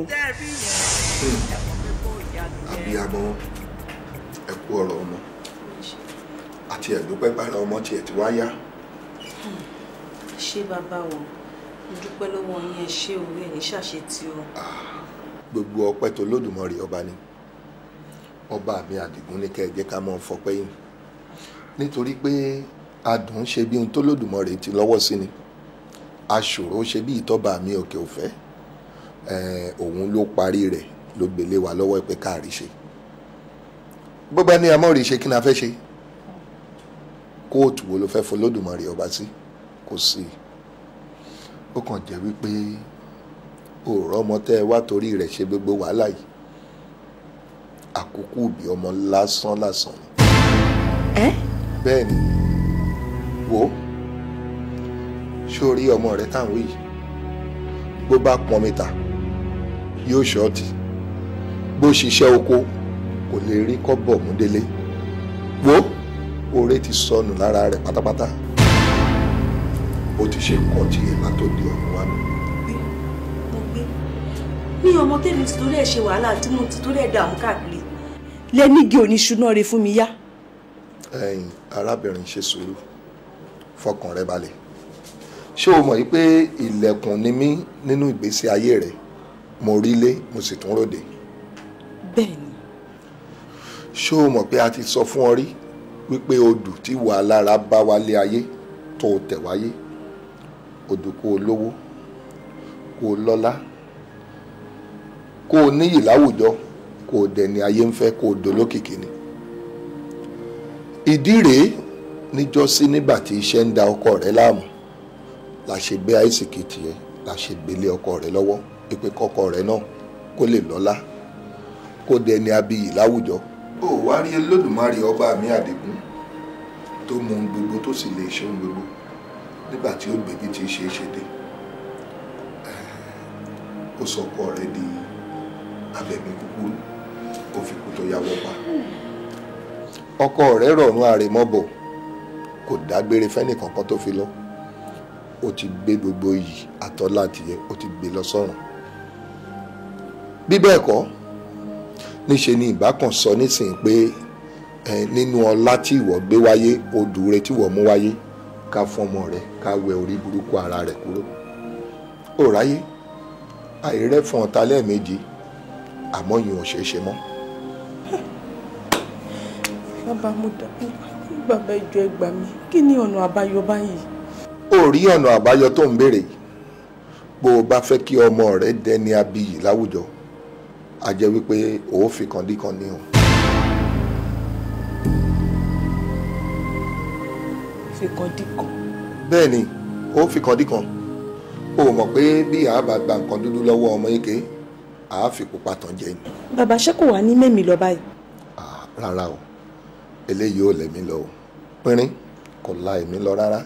[SPEAKER 6] àbíyamọ ẹ kú ọ̀rọ̀ ọmọ àti ẹdúpẹ́ gbára ọmọ tiẹ̀ ti wá yá.
[SPEAKER 4] ṣé bàbá o dúpẹ́ lọ́wọ́ yín ẹ ṣé òwe ẹ̀ ní ṣàṣẹ tí o.
[SPEAKER 6] gbogbo ọpẹ́ tó lódùmarè ọba ni ọba mi àdìgún ní kẹ́ ẹ jẹ́ ká mọ́ fọpẹ́ yìí nítorí pé adùn ṣe bí ohun tó lódùmarè ti lọ́wọ́ sí ni aṣòro ṣe bí ìtọ́ba mi òkè òfẹ́ òun ló parí rẹ̀ ló gbélé wa lọ́wọ́ pé káàrí ṣe bó bá ní amọ́rì ṣe kí ni a fẹ́ ṣe kóòtù wo ló fẹ́ fún lódùmarè ọba sí kò sí ó kàn jẹ́ wípé òòrọ̀ ọmọ tẹ́ ẹ wá torí rẹ̀ ṣe gbogbo wàhálà yìí àkókò òbí ọmọ lásán lásán ni bẹ́ẹ̀ ni wò ó ṣé o rí ọmọ rẹ táwọn yìí bó bá pọn mi ta yóò ṣọ́ọ̀tì bó ṣiṣẹ́ oko kò lè rí kọ́bọ̀ mú délé wò ó oore ti sọnù lára rẹ̀ pátápátá ó ti ṣe nǹkan tí èèmà tó di ọ̀run wá mi.
[SPEAKER 4] mi ọmọ tèmi ti torí ẹ ṣe wàhálà tí mo ti torí ẹ dààmú káàkiri lẹ́nìgì oníṣúná
[SPEAKER 6] rẹ fún mi yá. ẹ̀yin arábìnrin ṣe sùúrù fọkàn rẹ balẹ̀ ṣé o mọ̀ yìí pé ilẹ̀kùn ni mí nínú ìgbésí ayé rẹ mo rí lé mo sì tún ròde. bẹ́ẹ̀ni. ṣé o mọ̀ pé a ti sọ fún ọ rí wípé odù tí wà lára bá wálé ayé tó tẹ̀ wáyé odù kó lówó kó lọ́lá kó níyì láwùjọ kó o dẹni ayé ń fẹ́ kó dolókìkí ni ìdí rèé níjọ́sí nígbà tí iṣẹ́ ń da ọkọ rẹ̀ láàmú la ṣe gbé àìsíkì tiẹ̀ la ṣe gbélé ọkọ rẹ̀ lọ́wọ́ pípé kọ́kọ́ rẹ̀ náà kó lè lọ́lá kó dẹni abiyì láwùjọ. ó wá rí Olódùmarè ọba mi àdìgún tó mú un gbogbo tó sì lè ṣe ohun gbogbo nígbà tí ó gbèbí ti ṣe é ṣe dé ó sọ ọkọ rẹ̀ di abẹ̀mí kúkúrú kó fi kú tó yàwó pa. ọkọ rẹ̀ rọrùn àrèmọ́bọ̀ kò dágbére fẹ́nìkankan tó fi lọ ó ti gbé gbogbo iyì àtọ́lá tìyẹ ó ti gbé lọ sọ́run bí bẹ́ẹ̀ kọ́ níṣe ni ìbákan sọ nísìnyí pé nínú ọlá tí ìwọ gbé wáyé odùre tí ìwọ mú wáyé ká fọmọ rẹ ká wẹ orí burúkú ara rẹ kúrò ó ráyé àìrẹ́fọ̀n ọ̀tá lẹ́ẹ̀mejì àmọ́ yìí ò ṣeé ṣe mọ́.
[SPEAKER 4] bàbá mo dàbí bàbá ìjọ ẹgbà mi kí ni ọ̀nà àbáyọ báyìí.
[SPEAKER 6] ó rí ọ̀nà àbáyọ tó ń béèrè bó o bá fẹ́ kí ọmọ rẹ dẹni abiyì láwùjọ a jẹ́ wípé o ò fi kàndínkàn ní o. fi kàndínkàn. bẹ́ẹ̀ ni o fi kàndínkàn o mọ̀ pé bí a bá gba nǹkan dúdú lọ́wọ́ ọmọ yìí ké a fi pupa tán jẹ ni.
[SPEAKER 4] bàbá ṣé kò wá ní mẹ́mi lọ báyìí.
[SPEAKER 6] Ah, rárá o eléyìí ò lẹ́mí lọ o pínrín kò la èmi lọ rárá.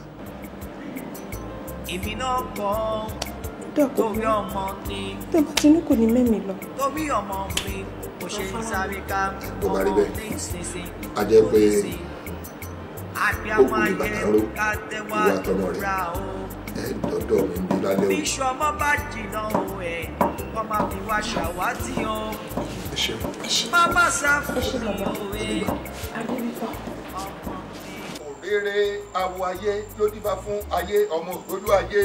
[SPEAKER 3] èmi náà kọ́ torí ọmọ mi.
[SPEAKER 4] tó bá ti ní kò ní mẹ́mi
[SPEAKER 3] lọ. torí ọmọ mi kò ṣe ní sáré ká ọmọ ní
[SPEAKER 6] ìsinsin kò ní sí.
[SPEAKER 3] àbíàmọ ayé ká tẹ́wọ́
[SPEAKER 6] àdúrà o. ẹ mi ń bí lálẹ́ o. bí
[SPEAKER 3] ọmọ bá jìnnà o ẹ kọ́ máa fi wá ṣàwátì o. ẹ ṣeun. bàbá sáfù mi ò
[SPEAKER 6] wé eré awo ayé ló díbà fún ayé ọmọ ògbólú ayé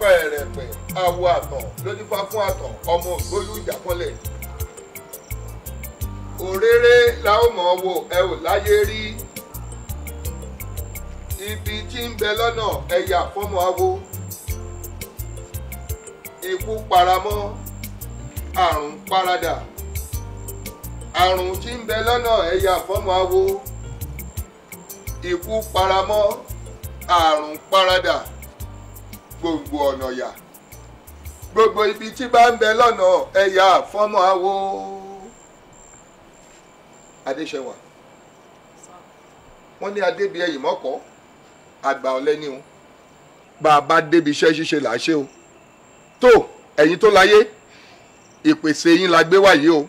[SPEAKER 6] pẹ̀rẹ̀pẹ̀ awo àtàn ló díbà fún àtàn ọmọ ògbólú ìjàpọ̀lẹ̀ òréré la ó mọ̀ wò ẹ ò láyé rí ibi tí ń bẹ lọ́nà ẹ̀yà fọ́mọ awo ikú paramọ́ àrùn paradà àrùn tí ń bẹ lọ́nà ẹ̀yà fọ́mọ awo ikú paramọ́ àrùn paradà gbogbo ọ̀nà yà gbogbo ibi tí bá ń bẹ lọ́nà ẹ̀yà fọ́mọ awo adéṣẹwà wọ́n ní adébíyẹyì mọ́kọ́ àgbà ọ̀lẹ́ni o bá a bá débi iṣẹ́ ṣíṣe là á ṣe o tó ẹ̀yin tó láyé ìpèsè yín la gbé wáyé o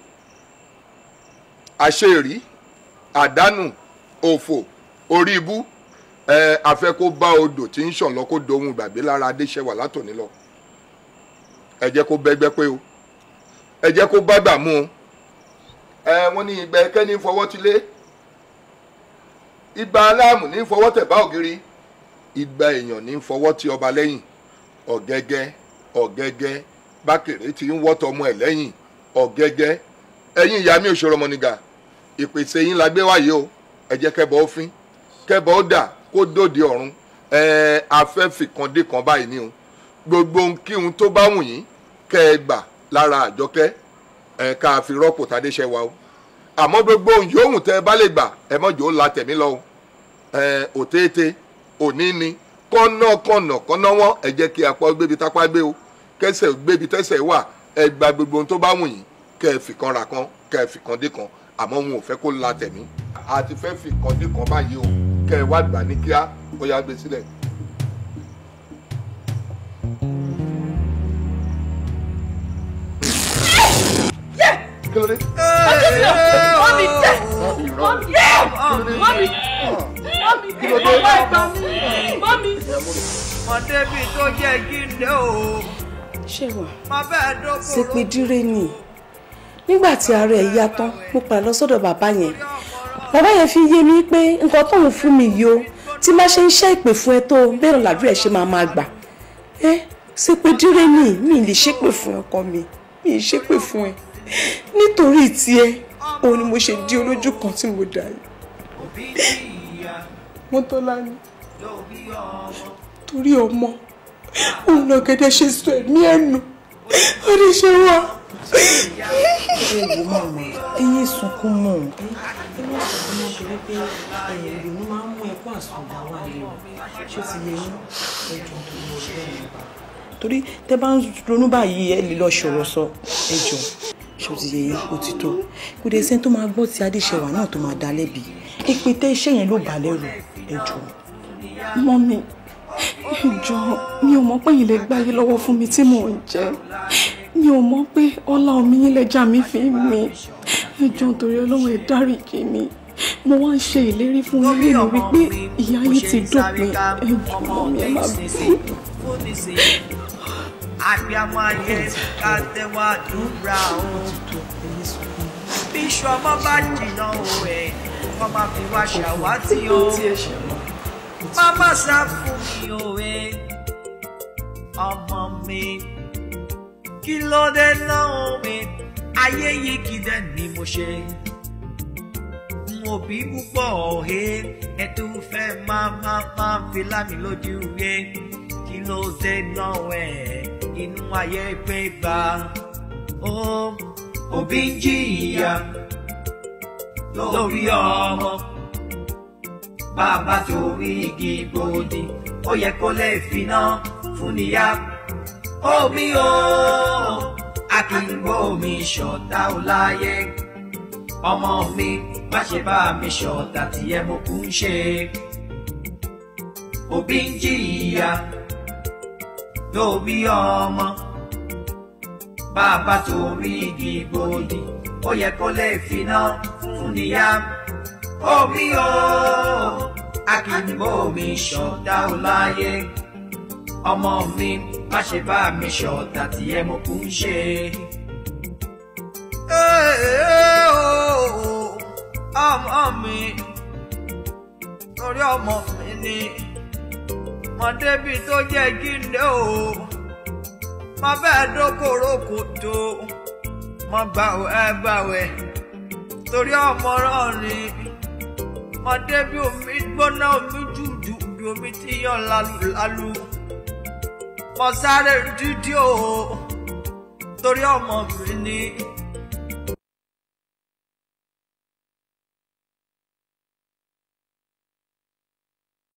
[SPEAKER 6] àṣeyìrí àdánù òfò orí ibú ẹ afẹ́ kó bá odò tí ń ṣàn lọ kó dohun ìgbàgbé lára adéṣẹwà látòní lọ ẹ jẹ́ kó bẹ́gbẹ́ pé o ẹ jẹ́ kó bágbà mú o ẹ wọ́n ní ìgbà ẹkẹ́ni fọwọ́tilé ìgbà aláàmù ní fọwọ́tẹ̀bá ògiri ìgbà èèyàn ní fọwọ́tì ọba lẹ́yìn ọ̀gẹ́gẹ́ ọ̀gẹ́gẹ́ bákèrè tí ń wọ́tọ̀ ọmọ ẹ̀ lẹ́yìn ọ̀gẹ́gẹ́ ẹ̀yin ìyá mi òṣèré ọmọ nígà ìpèsè yín la gbé wáyé o ẹ jẹ́ kẹbọ òfin kẹbọ ó dà kó dòde ọ̀run ẹ afẹ́fì kan dé kan báyìí ni o gbogbo nkíhun tó bá wù yín kẹ ẹ gbà lára àjọkẹ́ ẹ ká fi rọ́pò tàdéṣe wa o àmọ́ gbogbo yòówù tẹ ẹ bá lè gbà ẹ mọ̀jọ́ la tẹ̀mí lọ o ẹ òtété òní ni kọ́nàkọ́nà kọ́nà wọn ẹ jẹ́ kí apá gbébi tápá gbé o kẹsẹ̀ gbébi tẹ́sẹ̀ wà ẹ gba gbogbo ohun tó bá wù yín kẹ ẹ fìkan rà kan kẹ ẹ fìkan dé kan àmọ́ wọn ò fẹ́ kó la tẹ̀mí àti fẹ́ fi kọ́ndé kan báyìí o kẹ́ ẹ wá gbà ní kíá ó yá gbé sílẹ̀.
[SPEAKER 3] ṣé wà
[SPEAKER 4] sípidire ni nígbà tí ara ẹ̀ yá tán mo padà lọ sọ́dọ̀ bàbá yẹn bàbá yẹn fi yé mi pé nǹkan tóun fún mi yìí o tí má ṣe ń ṣe ìpè fún ẹ tó bẹ́ẹ̀ làdúrà ẹ ṣe máa máa gbà ẹ ṣe pé díré mi mi lè ṣépè fún ọkọ mi mi ì ṣépè fún ẹ nítorí tiẹ òun ni mo ṣe di olójú kan tí mo dà yìí mọ́tọ́láni torí ọmọ òun lọ́gẹ́dẹ́ ṣe sọ ẹ̀mí ẹ̀nu ó ní ṣe wá ẹ wò màmá
[SPEAKER 2] ẹ̀yin sunkún mọ́. ẹ
[SPEAKER 1] má sọ̀rọ̀ mọ́ torí
[SPEAKER 4] pé ẹ̀yìn ìdùnnú máa ń mú ẹkún àsùnwòn àwọn àlè rẹ̀ ṣé ó ti lè mú ẹ̀dùn tó
[SPEAKER 1] lọ bẹ́ẹ̀ ni bàbá
[SPEAKER 4] torí tẹ bá ń ronú báyìí ẹ lè lọ ṣòro sọ ẹ jọ ṣòtìyẹ yẹn ó ti tó kò dé sẹ́ni tó máa gbọ́ ti adéṣẹwà náà tó máa dá lẹ́bi èpè tẹ iṣẹ́ yẹn ló bà lẹ́rù ẹ jọ. mọ mi ìjọ mi ò mọ̀ pé yìí lè gbáyé lọ́wọ́ fún mi tí mò ń jẹ mi ò mọ̀ pé ọlá omi yín lẹ́jà mi fi ń mi ẹjọ́ nítorí ọlọ́run ẹ̀ dáríjì mi mo wá ń ṣe ìlérí fún yín lẹ́nu wípé ìyá yìí ti dópin ẹ̀gbọ́n mọ́ mi ẹ̀ máa
[SPEAKER 3] bí àgbàmọ ayé ká tẹwà dúbra o bíṣọ ọmọ bá jìnnà o ẹ wọn máa fi wá ṣàwátì o má má sá fún mi o ẹ ọmọ mi kí ló dé lọ́hùn mi ayé yìí kì í dẹ̀ ni mo ṣe mo bí púpọ̀ ọ̀hẹ́ ẹ tó fẹ́ máa máa máa fi lámì lójú yé kí ló dé lọ́hùn ẹ̀ inú ayé pé gbà ó òbí ń jìyà lórí ọmọ bàbá torí igi ibodè ó yẹ kó lè finá fún níyà omi o a kì í gbómi ṣọ̀tá o láyé ọmọ mi má ṣe bá mi ṣọ̀tá tí ẹ mo kú ń ṣe òbí ń jìyà lóbi ọmọ bàbá torí igi gbòdì ó yẹ kó lè finá fún níyà omi o a kì ṣọ̀tá o láyé ọmọ mi má ṣe bá mi ṣọ̀tá tí ẹ mọ̀ kú ń ṣe. ọmọ mi torí ọmọ mi ni mọ̀débí tó jẹ́ gíndé o má bẹ́ẹ̀ dókòrò kò tó mọ bàwẹ̀ ẹ bàwẹ̀ torí ọmọ náà ni mọ̀débí omi gbóná omi jùjù omi tí yàn lálù lálù mo sáré dúdú o torí ọmọbìnrin ni.